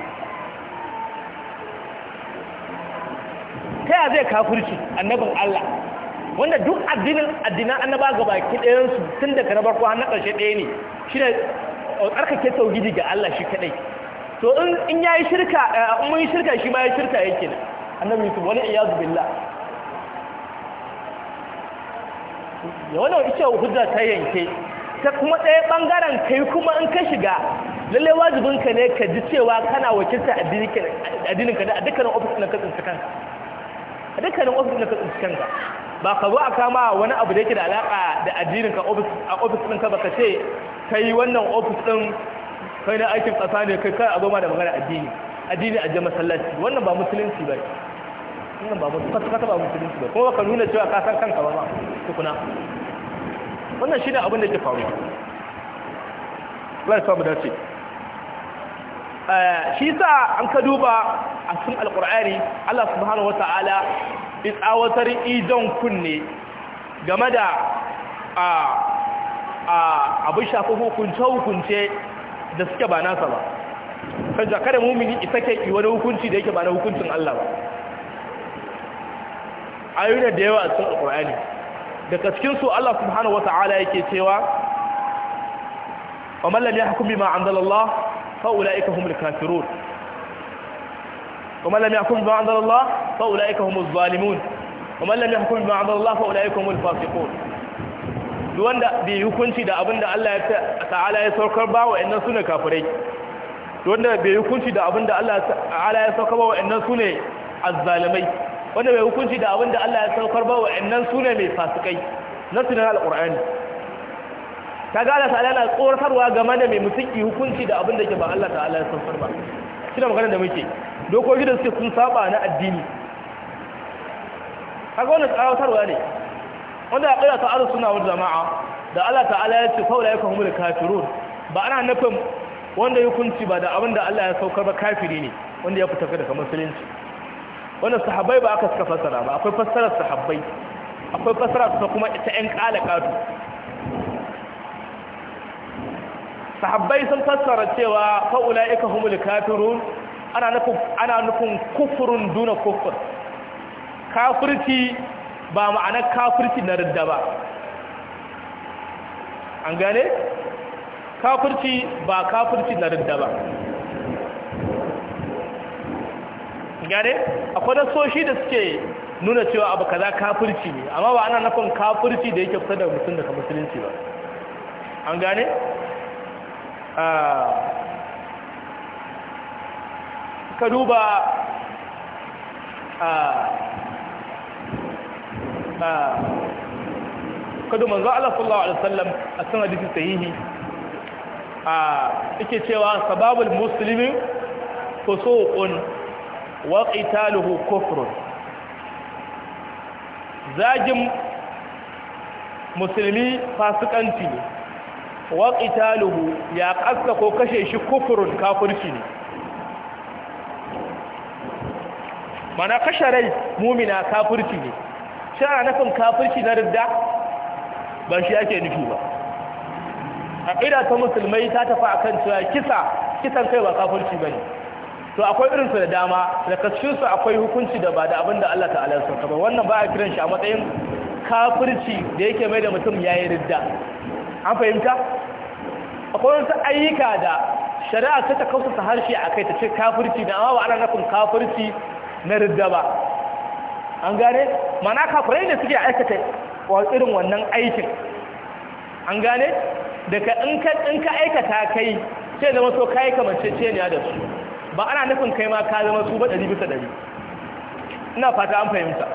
ta yi zai kafirci annabin allah wanda duk addinin addinan annaba ga baki ɗayansu tun daga na farko har na ƙarshe ɗaya ne shi ne tsarkake tauhidi ga Allah shi kadai to in ya yi shirka eh, in mun shirka shi ma ya shirka yake ne annabi yusuf wani iyazu billah ya wani ita hujja ta yanke ta kuma ɗaya ɓangaren ka yi kuma in ka shiga lalle wajibinka ne ka ji cewa kana wakilta addininka da a dukkanin ofis na ka tsinci kanka a dukkanin ofis na ka tsinci kanka ba ka zo a kama wani abu da yake da alaka da addinin ka a ofis ɗin ka baka ce kai wannan ofis ɗin kai na aikin ƙasa ne kai kai a goma da magana addini addini a jama'a sallaci wannan ba musulunci ba wannan ba musulunci kasa ba musulunci ba kuma ka nuna cewa ka san kanka ba ma tukuna wannan shine abin da ke faruwa Allah ya sa mu dace eh, shi sa an ka duba a cikin alkur'ani Allah subhanahu wata'ala tsawatar idon kunne game da abin shafi hukunce-hukunce da suke ba nasa ba kanja kada mumini isa ke wani hukunci da yake ba na hukuncin Allah ba ayyuna da yawa a cikin alkur'ani daga su Allah subhanahu wata'ala yake cewa wa mallam ya hukumi ma anzalallah fa'ula'ika humul kafirun ومن لم يحكم بما أنزل الله فأولئك هم الظالمون ومن لم يحكم بما أنزل الله فأولئك هم الفاسقون duk wanda bai hukunci da abin da Allah ta'ala ya saukar ba wa'annan su ne kafirai duk wanda bai hukunci da abin da Allah ta'ala ya saukar ba wa'annan su sune azzalimai wanda bai hukunci da abin da Allah ya saukar ba wa'annan su sune mai fasikai na sunan alqur'ani ta gala ta'ala yana tsoratarwa game da mai mutum hukunci da abin da ke ba Allah ta'ala ya saukar ba shi da magana da muke dokoki da suke sun saba na addini kaga wannan tsawatarwa ne wanda a ƙira ta'arar suna wani jama'a da Allah ta'ala ya ce faula ya kawo da kafirun ba ana nufin wanda ya kunci ba da abin da Allah ya saukar ba kafiri ne wanda ya fita daga musulunci wanda sahabbai ba aka suka fassara ba akwai fassarar sahabbai akwai fassara ta kuma ita ƴan ƙato sahabbai sun fassara cewa faula ya kawo da kafirun ana nufin ana nufin kufurun duna kufur kafirci ba ma'anar kafirci na ridda ba an gane kafirci ba kafirci na ridda ba gane akwai soshi da suke nuna cewa abu kaza kafirci ne amma ba ana nufin kafirci da yake kusa da mutum daga musulunci ba an gane ah, ka duba a a kadu manzo Allah sallallahu alaihi wasallam a cikin hadisi sahihi a yake cewa sababul muslimi fusuqun wa qitaluhu kufrun zagin musulmi fasikanci ne wa qitaluhu ya kasa ko kashe shi kufurun kafirci ne mana kashe rai mumina kafirci ne shi ana nufin kafirci na ridda ba shi ake nufi ba ƙira ta musulmai ta tafi akan cewa kisa kisan kai ba kafirci ne to akwai irin da dama da kashin akwai hukunci da ba da abin da Allah ta'ala ya wannan ba a kiran shi a matsayin kafirci da yake mai da mutum yayi ridda an fahimta akwai wasu ayyuka da shari'a ta ta kausa harshe a kai ta ce kafirci da amma ba ana nufin kafirci na ridda ba an gane mana kafirai da suke aikata irin wannan aikin an gane daga in ka aikata kai sai zama so kai ne da su ba ana nufin kai ma ka zama su ba ɗari bisa ɗari ina fata an fahimta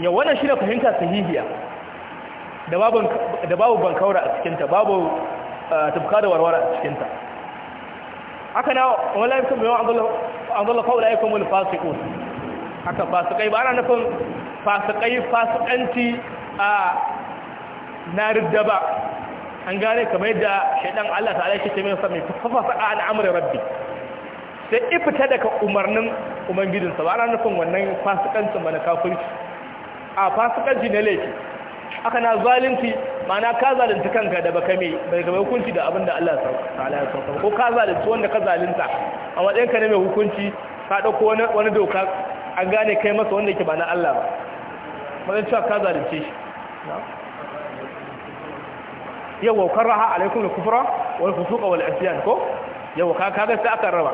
ya wannan shi da fahimta sahihiya da babu bankaura a cikinta babu eh, tufka da warware a cikinta haka na wala yakum bi adalla fa ulai al fasiqun haka fasikai ba ana nufin fasikai fasikanci a ridda ba an gane kamar yadda shaydan Allah ta'ala alaihi ta mai sami fasaka an amri rabbi sai ifita daga umarnin ubangijinsa ba ana nufin wannan fasikancin ba na kafirci a fasikanci ne laifi aka na zalunci mana ka zalunci kanka da baka mai bai ga hukunci da abinda Allah ta'ala ya sauka ko ka zalunci wanda ka zalunta a matsayin ka ne mai hukunci ka dauko wani wani doka an gane kai masa wanda yake ba na Allah ba matsayin cewa ka zalunce shi yawa karaha alaikum al-kufra wal fusuqa wal asyan ko yawa ka kaga sai aka raba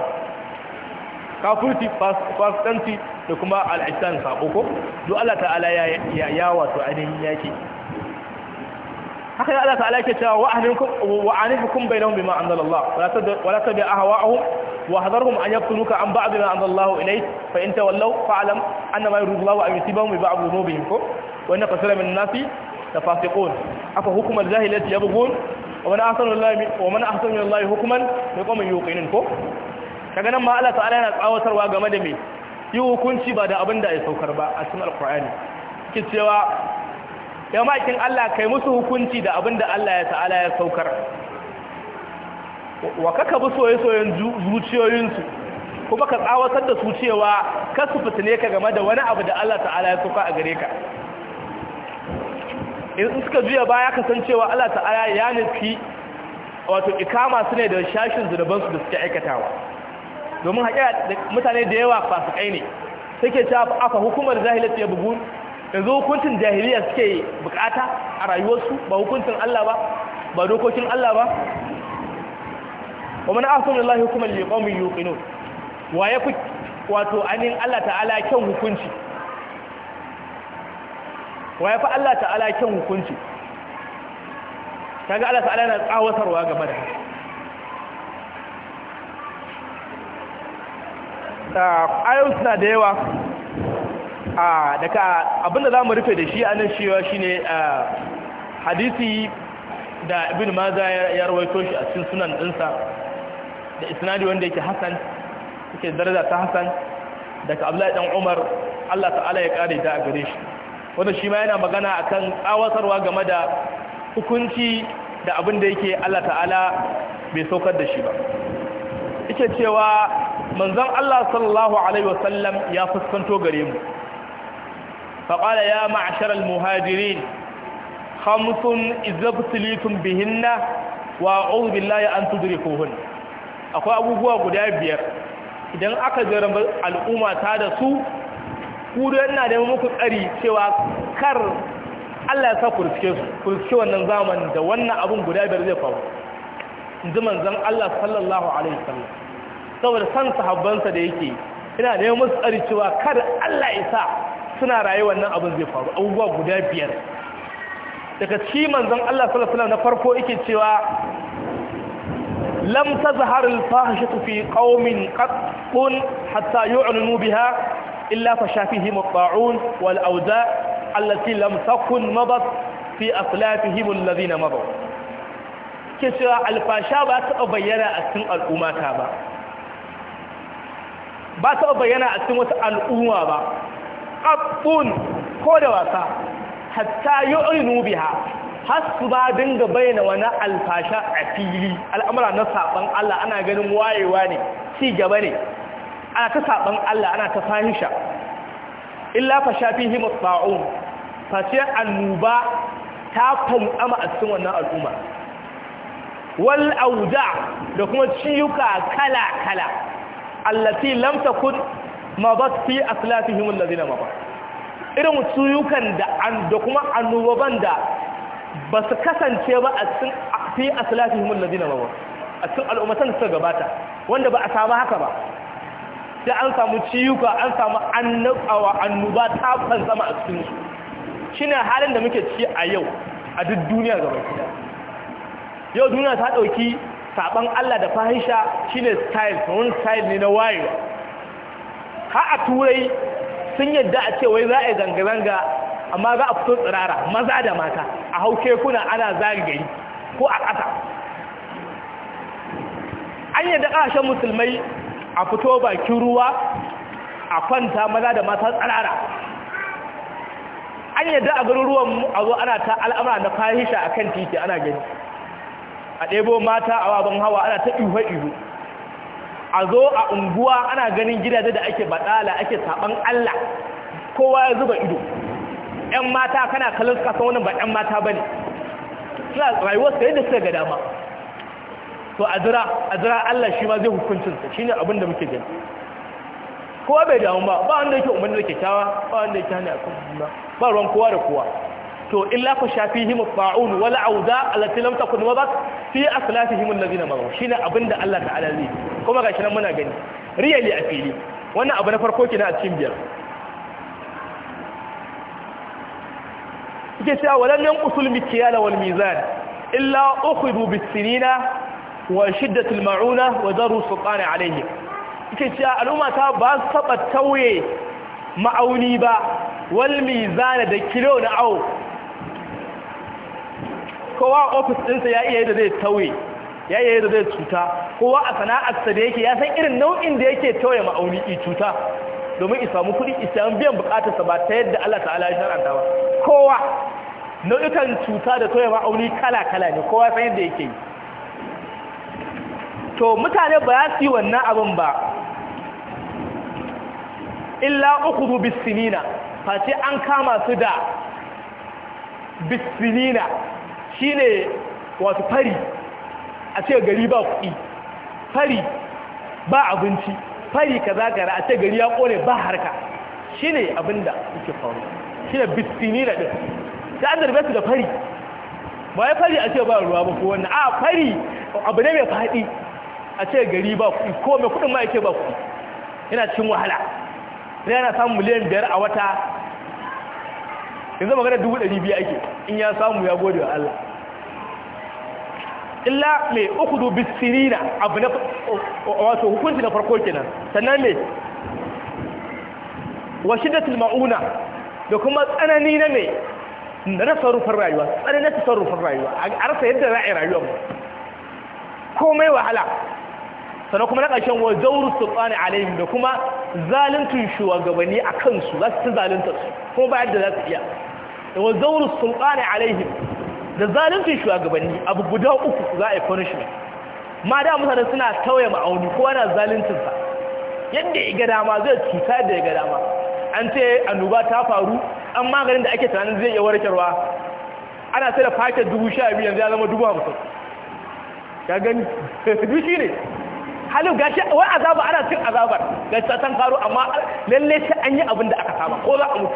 kafurci fasikanci da kuma al'isan saƙo ko duk Allah ta'ala ya ya wato ainihin yaki haka Allah ta'ala ke cewa wa anifukum bainahum bima anzalallah wala tabi ahwa'ahum wa hadarhum an yaqtuluka an ba'd ma anzalallahu ilayk fa in tawallaw fa'lam annama yuridullahu an yusibahum bi ba'd dhunubihim ko wa inna kaseeran min an-nasi lafasiqun afa hukm al-jahilati yabghun wa man ahsanu lillahi wa man ahsanu lillahi hukman liqawmin yuqinun ko kaga nan ma Allah ta'ala yana tsawatarwa game da me yi hukunci ba da abin da ya saukar ba a cikin alkur'ani ki cewa ya makin Allah kai musu hukunci da abin da Allah ya ta'ala ya saukar wa kaka bi soye-soyen zuciyoyinsu kuma ka tsawatar da su cewa ka su fitine ka game da wani abu da Allah ta'ala ya sauka a gare ka in suka juya baya kasancewa Allah ta'ala ya nufi wato ikama su ne da shashin zunubansu da suke aikatawa domin haƙiƙa mutane da yawa fasikai ne suke ta afa hukumar jahiliya ya bugu yanzu hukuncin jahiliya suke bukata a rayuwarsu ba hukuncin Allah ba ba dokokin Allah ba wa man ahsanu lillahi hukuman liqaumin yuqinun wa yafi wato anin Allah ta'ala kyan hukunci wa yafi Allah ta'ala kyan hukunci kaga Allah ta'ala yana tsawatarwa game da haka suna da yawa a daga abinda za mu rufe da shi a nan shi ne hadisi da ibn maza ya rawaito shi a cikin sunan ɗinsa da isnadi wanda yake hassan yake daraja ta hassan daga abdullahi dan umar allah ta'ala ya kare ta a gare shi wanda shi ma yana magana a kan tsawatarwa game da hukunci da abin da yake allah ta'ala bai saukar da shi ba yake cewa manzon Allah sallallahu alaihi wasallam ya fuskanto gare mu فقال يا معشر المهاجرين خمس إذا ابتليتم بهن وأعوذ بالله أن تدركوهن akwai abubuwa guda biyar idan aka jarraba al'umma ta da su kudu yana da muku tsari cewa kar Allah ya sa ku riske wannan zamani. da wannan abun guda biyar zai faru in ji manzon Allah sallallahu alaihi wasallam saboda san sahabbansa da yake ina neman musu tsari cewa kada Allah isa suna rayu wannan abin zai faru abubuwa guda biyar daga ci manzon Allah sallallahu alaihi na farko yake cewa lam tazhar al fahishatu fi qaumin qattun hatta yu'linu biha illa fashafihim at-ta'un wal awda allati lam takun madat fi aslafihim alladhina madat ke cewa alfasha ba ta bayyana a cikin al'ummata ba ba taɓa bayyana a cikin wata al'umma ba Abun ko da wasa hatta yi orinu biya har su ba dinga bayyana wani alfasha a fili al'amura na saɓon Allah ana ganin wayewa ne ci gaba ne ana ta saɓon Allah ana ta fahisha illa fa shafi himar ba'un fashe annuba ta fam'ama a cikin wannan al'umma wal auda da kuma ciyuka kala-kala allati lam takun mabat fi aslatihim allazina mabat irin suyukan da an da kuma annoban da ba su kasance ba a cikin fi aslatihim allazina mabat a cikin al'ummatan suka gabata wanda ba a samu haka ba sai an samu ciyuka an samu annabawa annuba ta kan zama a cikin su shine halin da muke ciki a yau a duk duniya gaba ɗaya yau duniya ta dauki saban Allah da fahisha shine style wani style ne na wayewa ha a turai sun yadda a ce wai za a yi zanga-zanga amma za a fito tsirara maza da mata a hauke kuna ana zagayi ko a ƙasa an yadda ƙashen musulmai a fito bakin ruwa a kwanta maza da mata tsirara an yadda a garuruwan a zo ana ta al'amura na fahisha a kan titi ana gani a ɗebo mata a wabin hawa ana ta ihu-ihu a zo a unguwa ana ganin gidaje da ake baɗala ake saɓan Allah kowa ya zuba ido ‘yan mata kana kallon suka wani ba ‘yan mata ba ne suna rayuwar sai da suka ga dama to a jira a jira Allah shi ma zai hukuncinsa shi ne abin da muke gani kowa bai damu ba ba wanda yake umarni da kyakkyawa ba wanda yake hannu a kan ba ruwan kowa da kowa to illa fa shafihim fa'un wala auza allati lam takun wadat fi aslatihim alladhina maru shine abinda Allah ta'ala zai kuma gashi nan muna gani really a fili wannan abu na farko kina a cikin biyar yake cewa walan usul mikyala wal mizan illa ukhidu bis sinina wa shiddatil ma'una wa daru sultana alayhi yake cewa al'umma ta ba su taba tauye ma'auni ba wal mizan da kilo na au kowa a ofis ɗinsa ya iya yadda zai tauye ya iya yadda zai cuta kowa a sana'arsa da yake ya san irin nau'in da yake tauye ma'auni i cuta domin i samu kuɗi i samu biyan buƙatarsa ba ta yadda Allah ta'ala ya shar'anta ba kowa nau'ikan cuta da tauye ma'auni kala kala ne kowa san yadda yake yi to mutane ba ya su yi wannan abin ba illa ukhudhu bisinina face an kama su da bisinina Shi ne wato fari a ce gari ba kuɗi fari ba abinci fari ka gara a ce gari ya ƙone ba harka shi abin abinda suke faru shine na ɗin, da an zarbe su da fari ba ya fari a ce ba ruwa ba ko wannan a fari abu ne mai faɗi a ce gari ba kuɗi ko mai kuɗin ma yake ba kuɗi yana cin wahala sai yana samun miliyan biyar a wata yanzu magana dubu ɗari biyu ake in ya samu ya gode wa Allah illa mai uku dubu sirina abu na wato hukunci na farko kenan sannan mai wa da tilma'una da kuma tsanani na mai na rasa rufin rayuwa tsanani na rufar rayuwa a rasa yadda za a yi rayuwa mu komai wahala sannan kuma na ƙarshen wa zauru tsani alaihim da kuma zaluntun shugabanni a kansu za su ta zaluntar su kuma ba yadda za su iya da wa zaurus sultani alaihim da zaluncin shugabanni abu guda uku za a yi punishment ma da mutane suna tauye ma'auni kowa na zaluncinsa yadda ya ga dama zai cuta da ya ga dama an ce annoba ta faru an maganin da ake tunanin zai iya warkarwa ana sai da faket dubu sha biyu yanzu ya zama dubu hamsin ya gani dushi ne halin gashi wani azaba ana cin azabar gashi ta san karo amma lallai sai an yi abin da aka saba ko za a mutu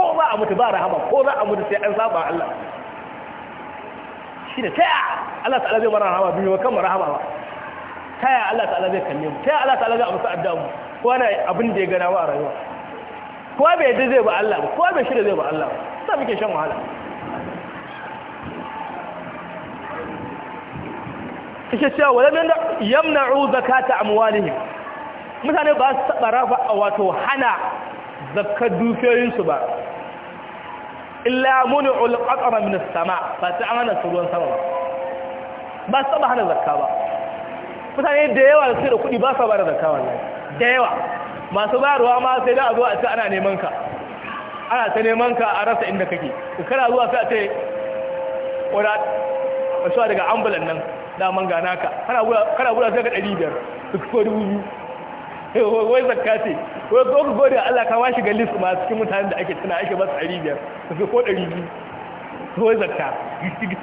ko za a mutu ba rahama ko za a mutu sai an saba Allah shi da taya Allah ta'ala zai mara rahama biyu kan mara rahama ba taya Allah ta'ala zai kalle mu taya Allah ta'ala zai amsa addu'a mu ko wani abin da ya gana wa a rayuwa ko bai yadda zai ba Allah ko bai shirya zai ba Allah sai muke shan wahala kike cewa wala min yamna'u zakata amwalihim mutane ba su taba rafa wato hana zakka dukiyoyinsu ba illa muni'ul qatara min as-sama ba ta amana ruwan sama ba su taba hana zakka ba mutane da yawa da sai da kuɗi ba sa ba da zakka wallahi da yawa masu bayarwa ma sai da a zo a ce ana neman ka ana ta neman ka a rasa inda kake kana zuwa sai a ce wada kasuwa daga ambulan nan daman gana ka kana gura sai ka 500 ko biyu. wai zakka ce wai ko ku gode Allah ka washi ga list masu cikin mutanen da ake tana ake masu ɗari biyar su ko ɗari biyu wai zakka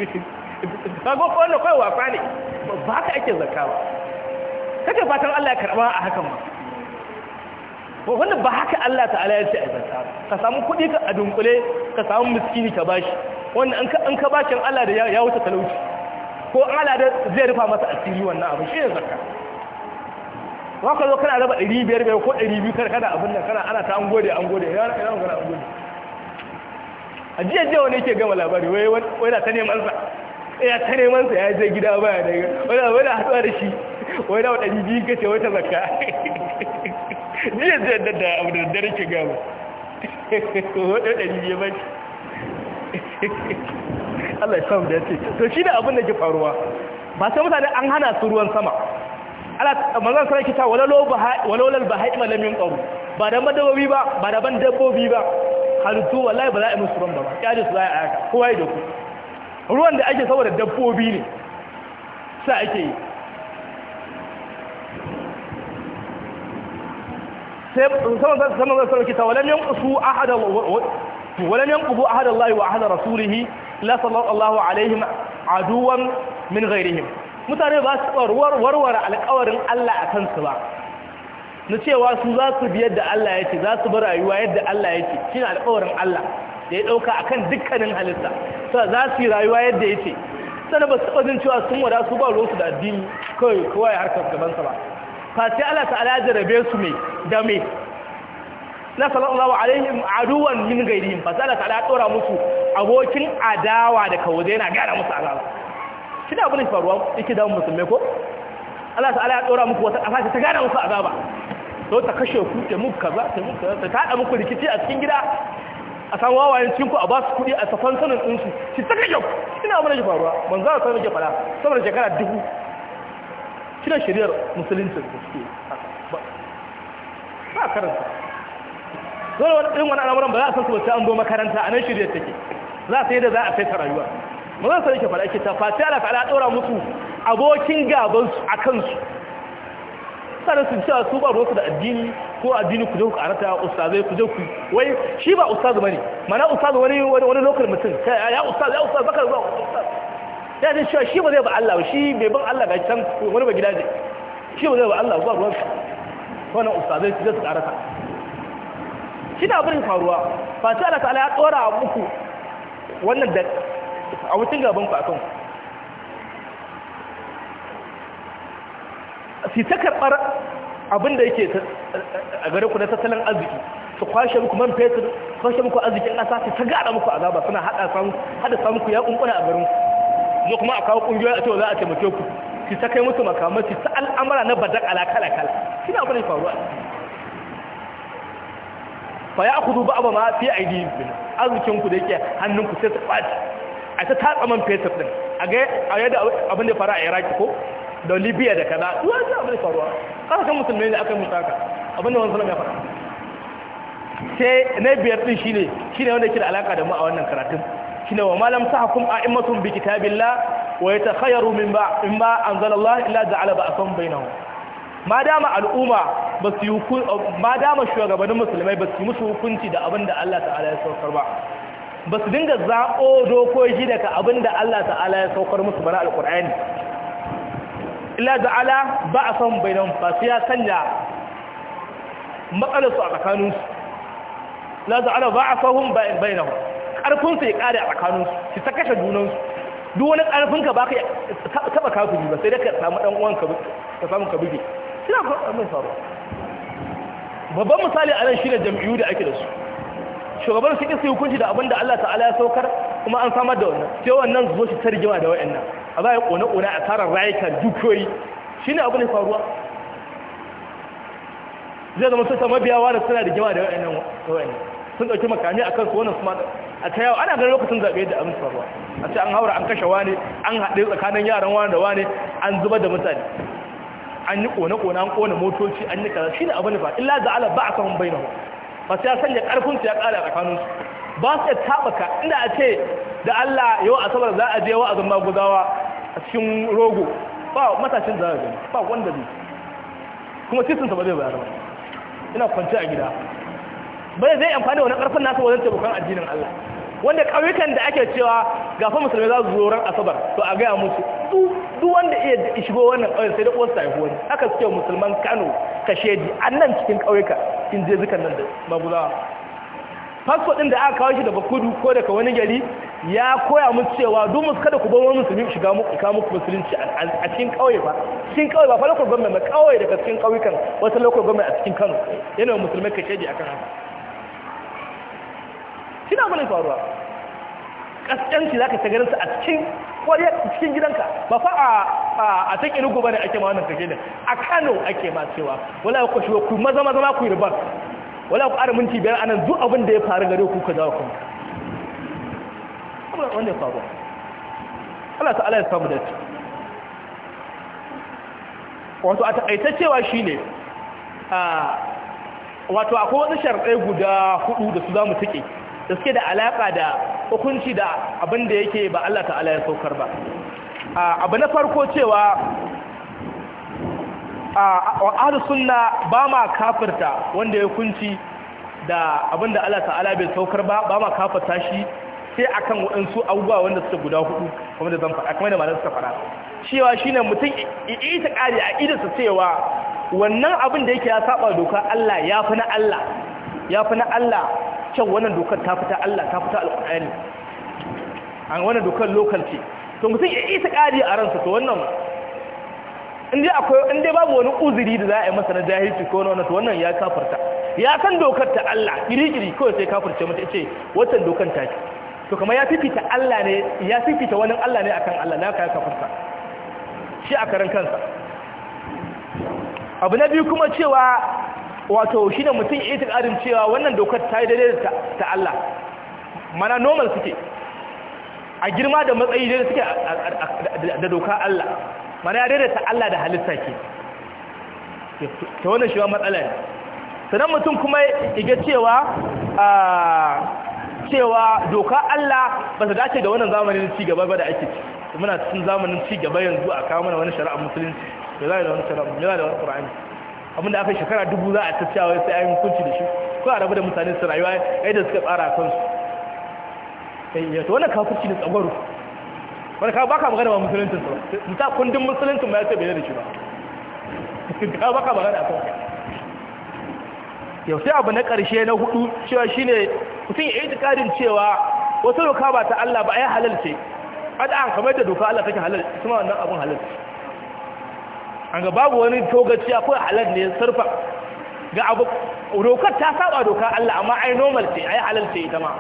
ka go ko wanda kawai wafa ne ba haka ake zakka ba kake fatan Allah ya karɓa a hakan ba wanda ba haka Allah ta'ala ya ce a zakka ka samu kuɗi ka a dunkule ka samu miskini ka bashi wanda an ka an ka bashin Allah da ya wuce talauci ko Allah da zai rufa masa asiri wannan abin shi ne zakka ba ka zo kana raba ɗari biyar biyar ko ɗari biyu kar kana abin nan kana ana ta an gode an gode ya ina magana an gode a jiya jiya wani yake gama labari wai wai da ta neman sa eh, ya ta neman sa ya je gida baya da wai wani wai da haɗuwa da shi wai da ɗari biyu kace wata zakka jiya jiya da da abu da dare ke gama wata ɗari biyu ba Allah ya samu da ya ce to shi da abin da ke faruwa ba sai mutane an hana su ruwan sama mazan sarar kita walaular bahai malamin ƙaru ba da madabobi ba ba da ban dabbobi ba halittu wallahi ba za a yi musu ruwan ba ba ƙyari su za a yaka kowa da ku ruwan da ake saboda dabbobi ne sa ake yi sai saman zan sarar kita walamin su ahada ولم ينقضوا عهد الله وعهد رسوله lasallar صلى الله عليهم عدوا min غيرهم mutane ba su warware alkawarin Allah a kansu ba na cewa su za su biyar da Allah ya ce za su bi rayuwa yadda Allah ya ce shi alkawarin Allah da ya ɗauka a kan dukkanin halitta sa za su yi rayuwa yadda ya ce sana ba su ɓazin cewa sun wada su ba ruwansu da addini kawai kowa ya harkar gabansa ba fati Allah ta'ala ya jarabe su mai da mai na sallallahu alaihim aduwan min gairihim fati Allah ta'ala ya ɗora musu abokin adawa da kawo zai na gara musu azaba shi ne abin da faruwa yake damu musulmai ko Allah ta'ala ya dora muku wata kafa ta gada muku azaba to ta kashe ku ta muku kaza ta muku kaza ta tada muku rikici a cikin gida a san wawayen cin ku a ba su kuɗi a safan sanin din su shi ta kashe ku shi ne abin da ke faruwa manzo Allah sai ya fara saboda shekara dubu shi da shari'ar musulunci da suke ba karanta dole wani ɗin wani al'amuran ba za a san su ba sai an zo makaranta a nan shirya take za a sai da za a saita rayuwa mazan sa yake faɗa ke ta fata ala ta'ala ɗora musu abokin gabansu a kansu sanar su cewa su ba ruwansu da addini ko addini ku je ku karata ustazai ku je ku wai shi ba ustazu bane mana ustazu wani wani lokal mutum ya ustazu ya ustazu bakar zuwa ustaz ya ce cewa shi ba zai ba Allah shi bai ban Allah ga can wani ba gidaje shi ba zai ba Allah ba ruwansu wannan ustazai su dauka arata shi da abin faruwa fa sai Allah ta'ala ya tsora muku wannan da a wucin gabanku a kanku su ta karɓar abinda yake a gare ku na tattalin arziki su kwashe muku man fetur kwashe muku arzikin ƙasa su ta gada muku zaba suna haɗa samu ku ya ƙunƙuna a garin ku kuma a kawo ƙungiyoyi a cewa za a taimake ku su ta kai musu si ta al'amura na badak alakala-kala shi na abin ciki fa ya kudu ba abu ma fi aidi arzikin ku da yake hannun ku sai su ɓaci a ta taɓa man fetur ɗin. a ga yadda abin da fara a iraki ko da libya da kada duwan su abin da faruwa kan musulmai ne aka yi mutaka abin da wanzu ya fara sai na biyar din shine shine wanda ke da alaƙa da mu a wannan karatun shine wa malam sahakum a'immatun bi kitabillah wa yatakhayyaru min ba in ba anzalallahu illa ja'ala ba'san bainahum ma dama al'umma ba su yi ma dama shugabannin musulmai ba su yi musu hukunci da abin da Allah ta'ala ya saukar ba ba su dinga zaɓo dokoki daga abin da Allah ta'ala ya saukar musu bana alƙur'ani illa ta'ala ba a son bainan ba su ya sanya matsalarsu a tsakaninsu la ta'ala ba a sahun bainan ƙarfinsu ya ƙare a tsakaninsu su ta kashe junansu duk wani ƙarfinka ba ka taɓa kafin ba sai da ka samu ɗan uwan ka samu ka buge suna faɗa mai faru babban misali a nan shi ne jam'iyyu da ake da su shugaban su kisa hukunci da abin da Allah ta'ala ya saukar kuma an samar da wannan sai wannan zuwa shi ta rigima da wayannan a baya kone kone a tsarar rayuka dukiyoyi shine abin da faruwa zai zama sai mabiyawa da suna rigima da wayannan wayannan sun dauki makami akan su wannan kuma a ta yawa ana ganin lokacin zabe da abin faruwa a ce an haura an kashe wani an haɗe tsakanin yaran wani da wani an zubar da mutane an yi kone-kone an kone motoci an yi kaza shi ne abin da ba illa da ala ba a kan bainahu ba sai sanya karfin su ya kara tsakanin su ba su tabaka inda a ce da Allah yau asabar za a je wa azumma gudawa a cikin rogo ba matashin za a gani ba wanda ne kuma titin ba zai bayar ba ina kwanci a gida bai zai amfani wani karfin nasu wajen taimakon addinin Allah wanda ƙauyukan da ake cewa ga fa musulmi za su zo ran asabar to a gaya musu duk wanda iya shigo wannan ƙauyen sai da uwar sa haihuwa aka suke musulman Kano kashedi an nan cikin ƙauyuka in je zukan nan da magulawa. fasfo ɗin da aka kawo shi daga kudu ko daga wani gari ya koya musu cewa duk musu kada ku bar wani musulmi shiga muku ka muku musulunci a cikin ƙauye ba cikin ƙauye ba fa lokacin gwamnati kawai ƙauye daga cikin ƙauyukan wasu lokacin gwamnati a cikin Kano yana musulmai a akan haka shi na bane faruwa kaskanci za ka ta garinsa a cikin kwariyar cikin gidanka ba fa a ta ƙirugu ba ne ake ma wannan kashe ne a kano ake ma cewa wala ku shi ku maza maza ma ku yi riba wala ku ara minti biyar anan duk abin da ya faru gare ku ka jawo kuma kuma wanda ya faruwa Allah ta'ala ya samu da wato a taƙaita cewa shi ne wato akwai wani sharɗai guda hudu da su zamu take da suke da alaƙa da hukunci da abin da yake ba Allah ta'ala ya saukar ba abu na farko cewa a ahlus sunna ba ma kafirta wanda ya kunci da abin da Allah ta'ala bai saukar ba ba ma kafirta shi sai akan waɗansu abubuwa wanda suka guda hudu kuma da zan faɗa da malam suka faɗa cewa shi ne mutum ita ƙari a idarsa cewa wannan abin da yake ya saba doka Allah ya fi na Allah ya fi na Allah can wannan dokar ta fita Allah ta fita alƙur'ani an wannan dokar lokal ce to mutum ya isa ƙari a ransa to wannan dai akwai dai babu wani uzuri da za a yi masa na jahilci ko wannan to wannan ya kafarta ya san dokar ta Allah kirikiri kawai sai kafarce mata ce watan dokar ta ce to kamar ya fifita Allah ne ya fifita wani Allah ne akan Allah na kai kafarta shi a karan kansa abu na biyu kuma cewa wato shi ne mutum ya ƙarin cewa wannan dokar ta yi daidai ta Allah mana normal suke a girma da matsayi dare suke da doka Allah mana ya dare ta Allah da halitta ke ta wannan shi matsala ne sannan mutum kuma iga cewa cewa doka Allah ba su dace da wannan zamanin ci gaba ba da ake ci muna cikin zamanin ci gaba yanzu a kawo mana wani shari'ar musulunci ya za da wani shari'ar da wani abinda aka shekara dubu za a tattawa sai ayin hukunci da shi ko a rabu da mutane su rayuwa da suka tsara a su ya to wannan kafirci da tsagwaro wani ka baka magana ba musuluncin sa musa kundin musulunci ba ya ce bai da shi ba ka baka magana a yau sai abu na karshe na hudu cewa shine mutum ya yi tukadin cewa wasu doka ba ta Allah ba a yi halalce an kamar da doka Allah take halal suna wannan abin halal. an ga babu wani togaci akwai halal ne sarfa ga abu dokar ta saba doka Allah amma ai normal ce ai halal ce ita ma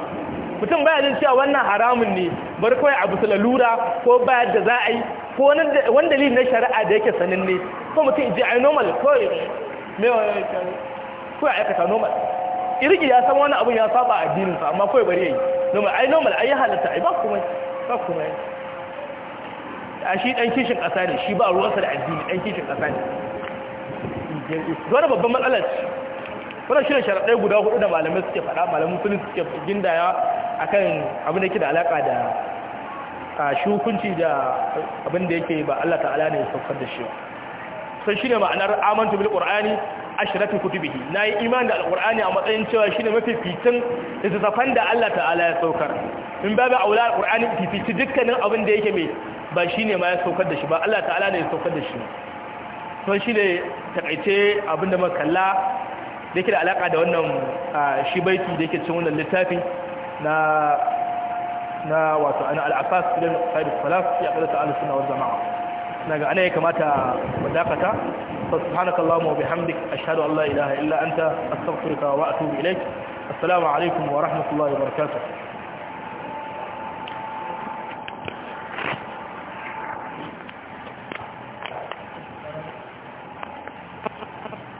mutum baya jin cewa wannan haramun ne bar kawai abu su lalura ko baya da za a yi ko wani dalilin na shari'a da yake sanin ne ko mutum ji ai normal kawai mai kawai aikata normal irgi ya san wani abu ya saba sa amma kawai bari ya yi normal ai normal ai halalta ai ba kuma ba kuma a shi ɗan kishin ƙasa ne shi ba a ruwansa da addini ɗan kishin ƙasa ne zuwa babban matsalar wadda shi ne sharaɗai guda hudu da malamai suke faɗa malamai sun suke gindaya a kan abin da yake da alaƙa da a shukunci da abin da yake ba Allah ta'ala ne ya saukar da shi sai shi ne ma'anar amantu bil qur'ani ashratu kutubihi na yi iman da alqur'ani a matsayin cewa shi ne mafi fitin da Allah ta'ala ya saukar in babu aula alqur'ani fifici dukkanin abin da yake mai ba shi ne ma ya saukar da shi ba Allah ta'ala ne ya saukar da shi to shi ne takaice abinda muka kalla da yake da alaka da wannan shi baiti da yake cin wannan littafi na na wato ana al-afas sa'id salaf ya kada ta suna sunna wal na ga ana ya kamata mu dakata subhanakallahumma wa bihamdik ashhadu an la ilaha illa anta astaghfiruka wa atubu ilaik assalamu alaikum wa rahmatullahi wa barakatuh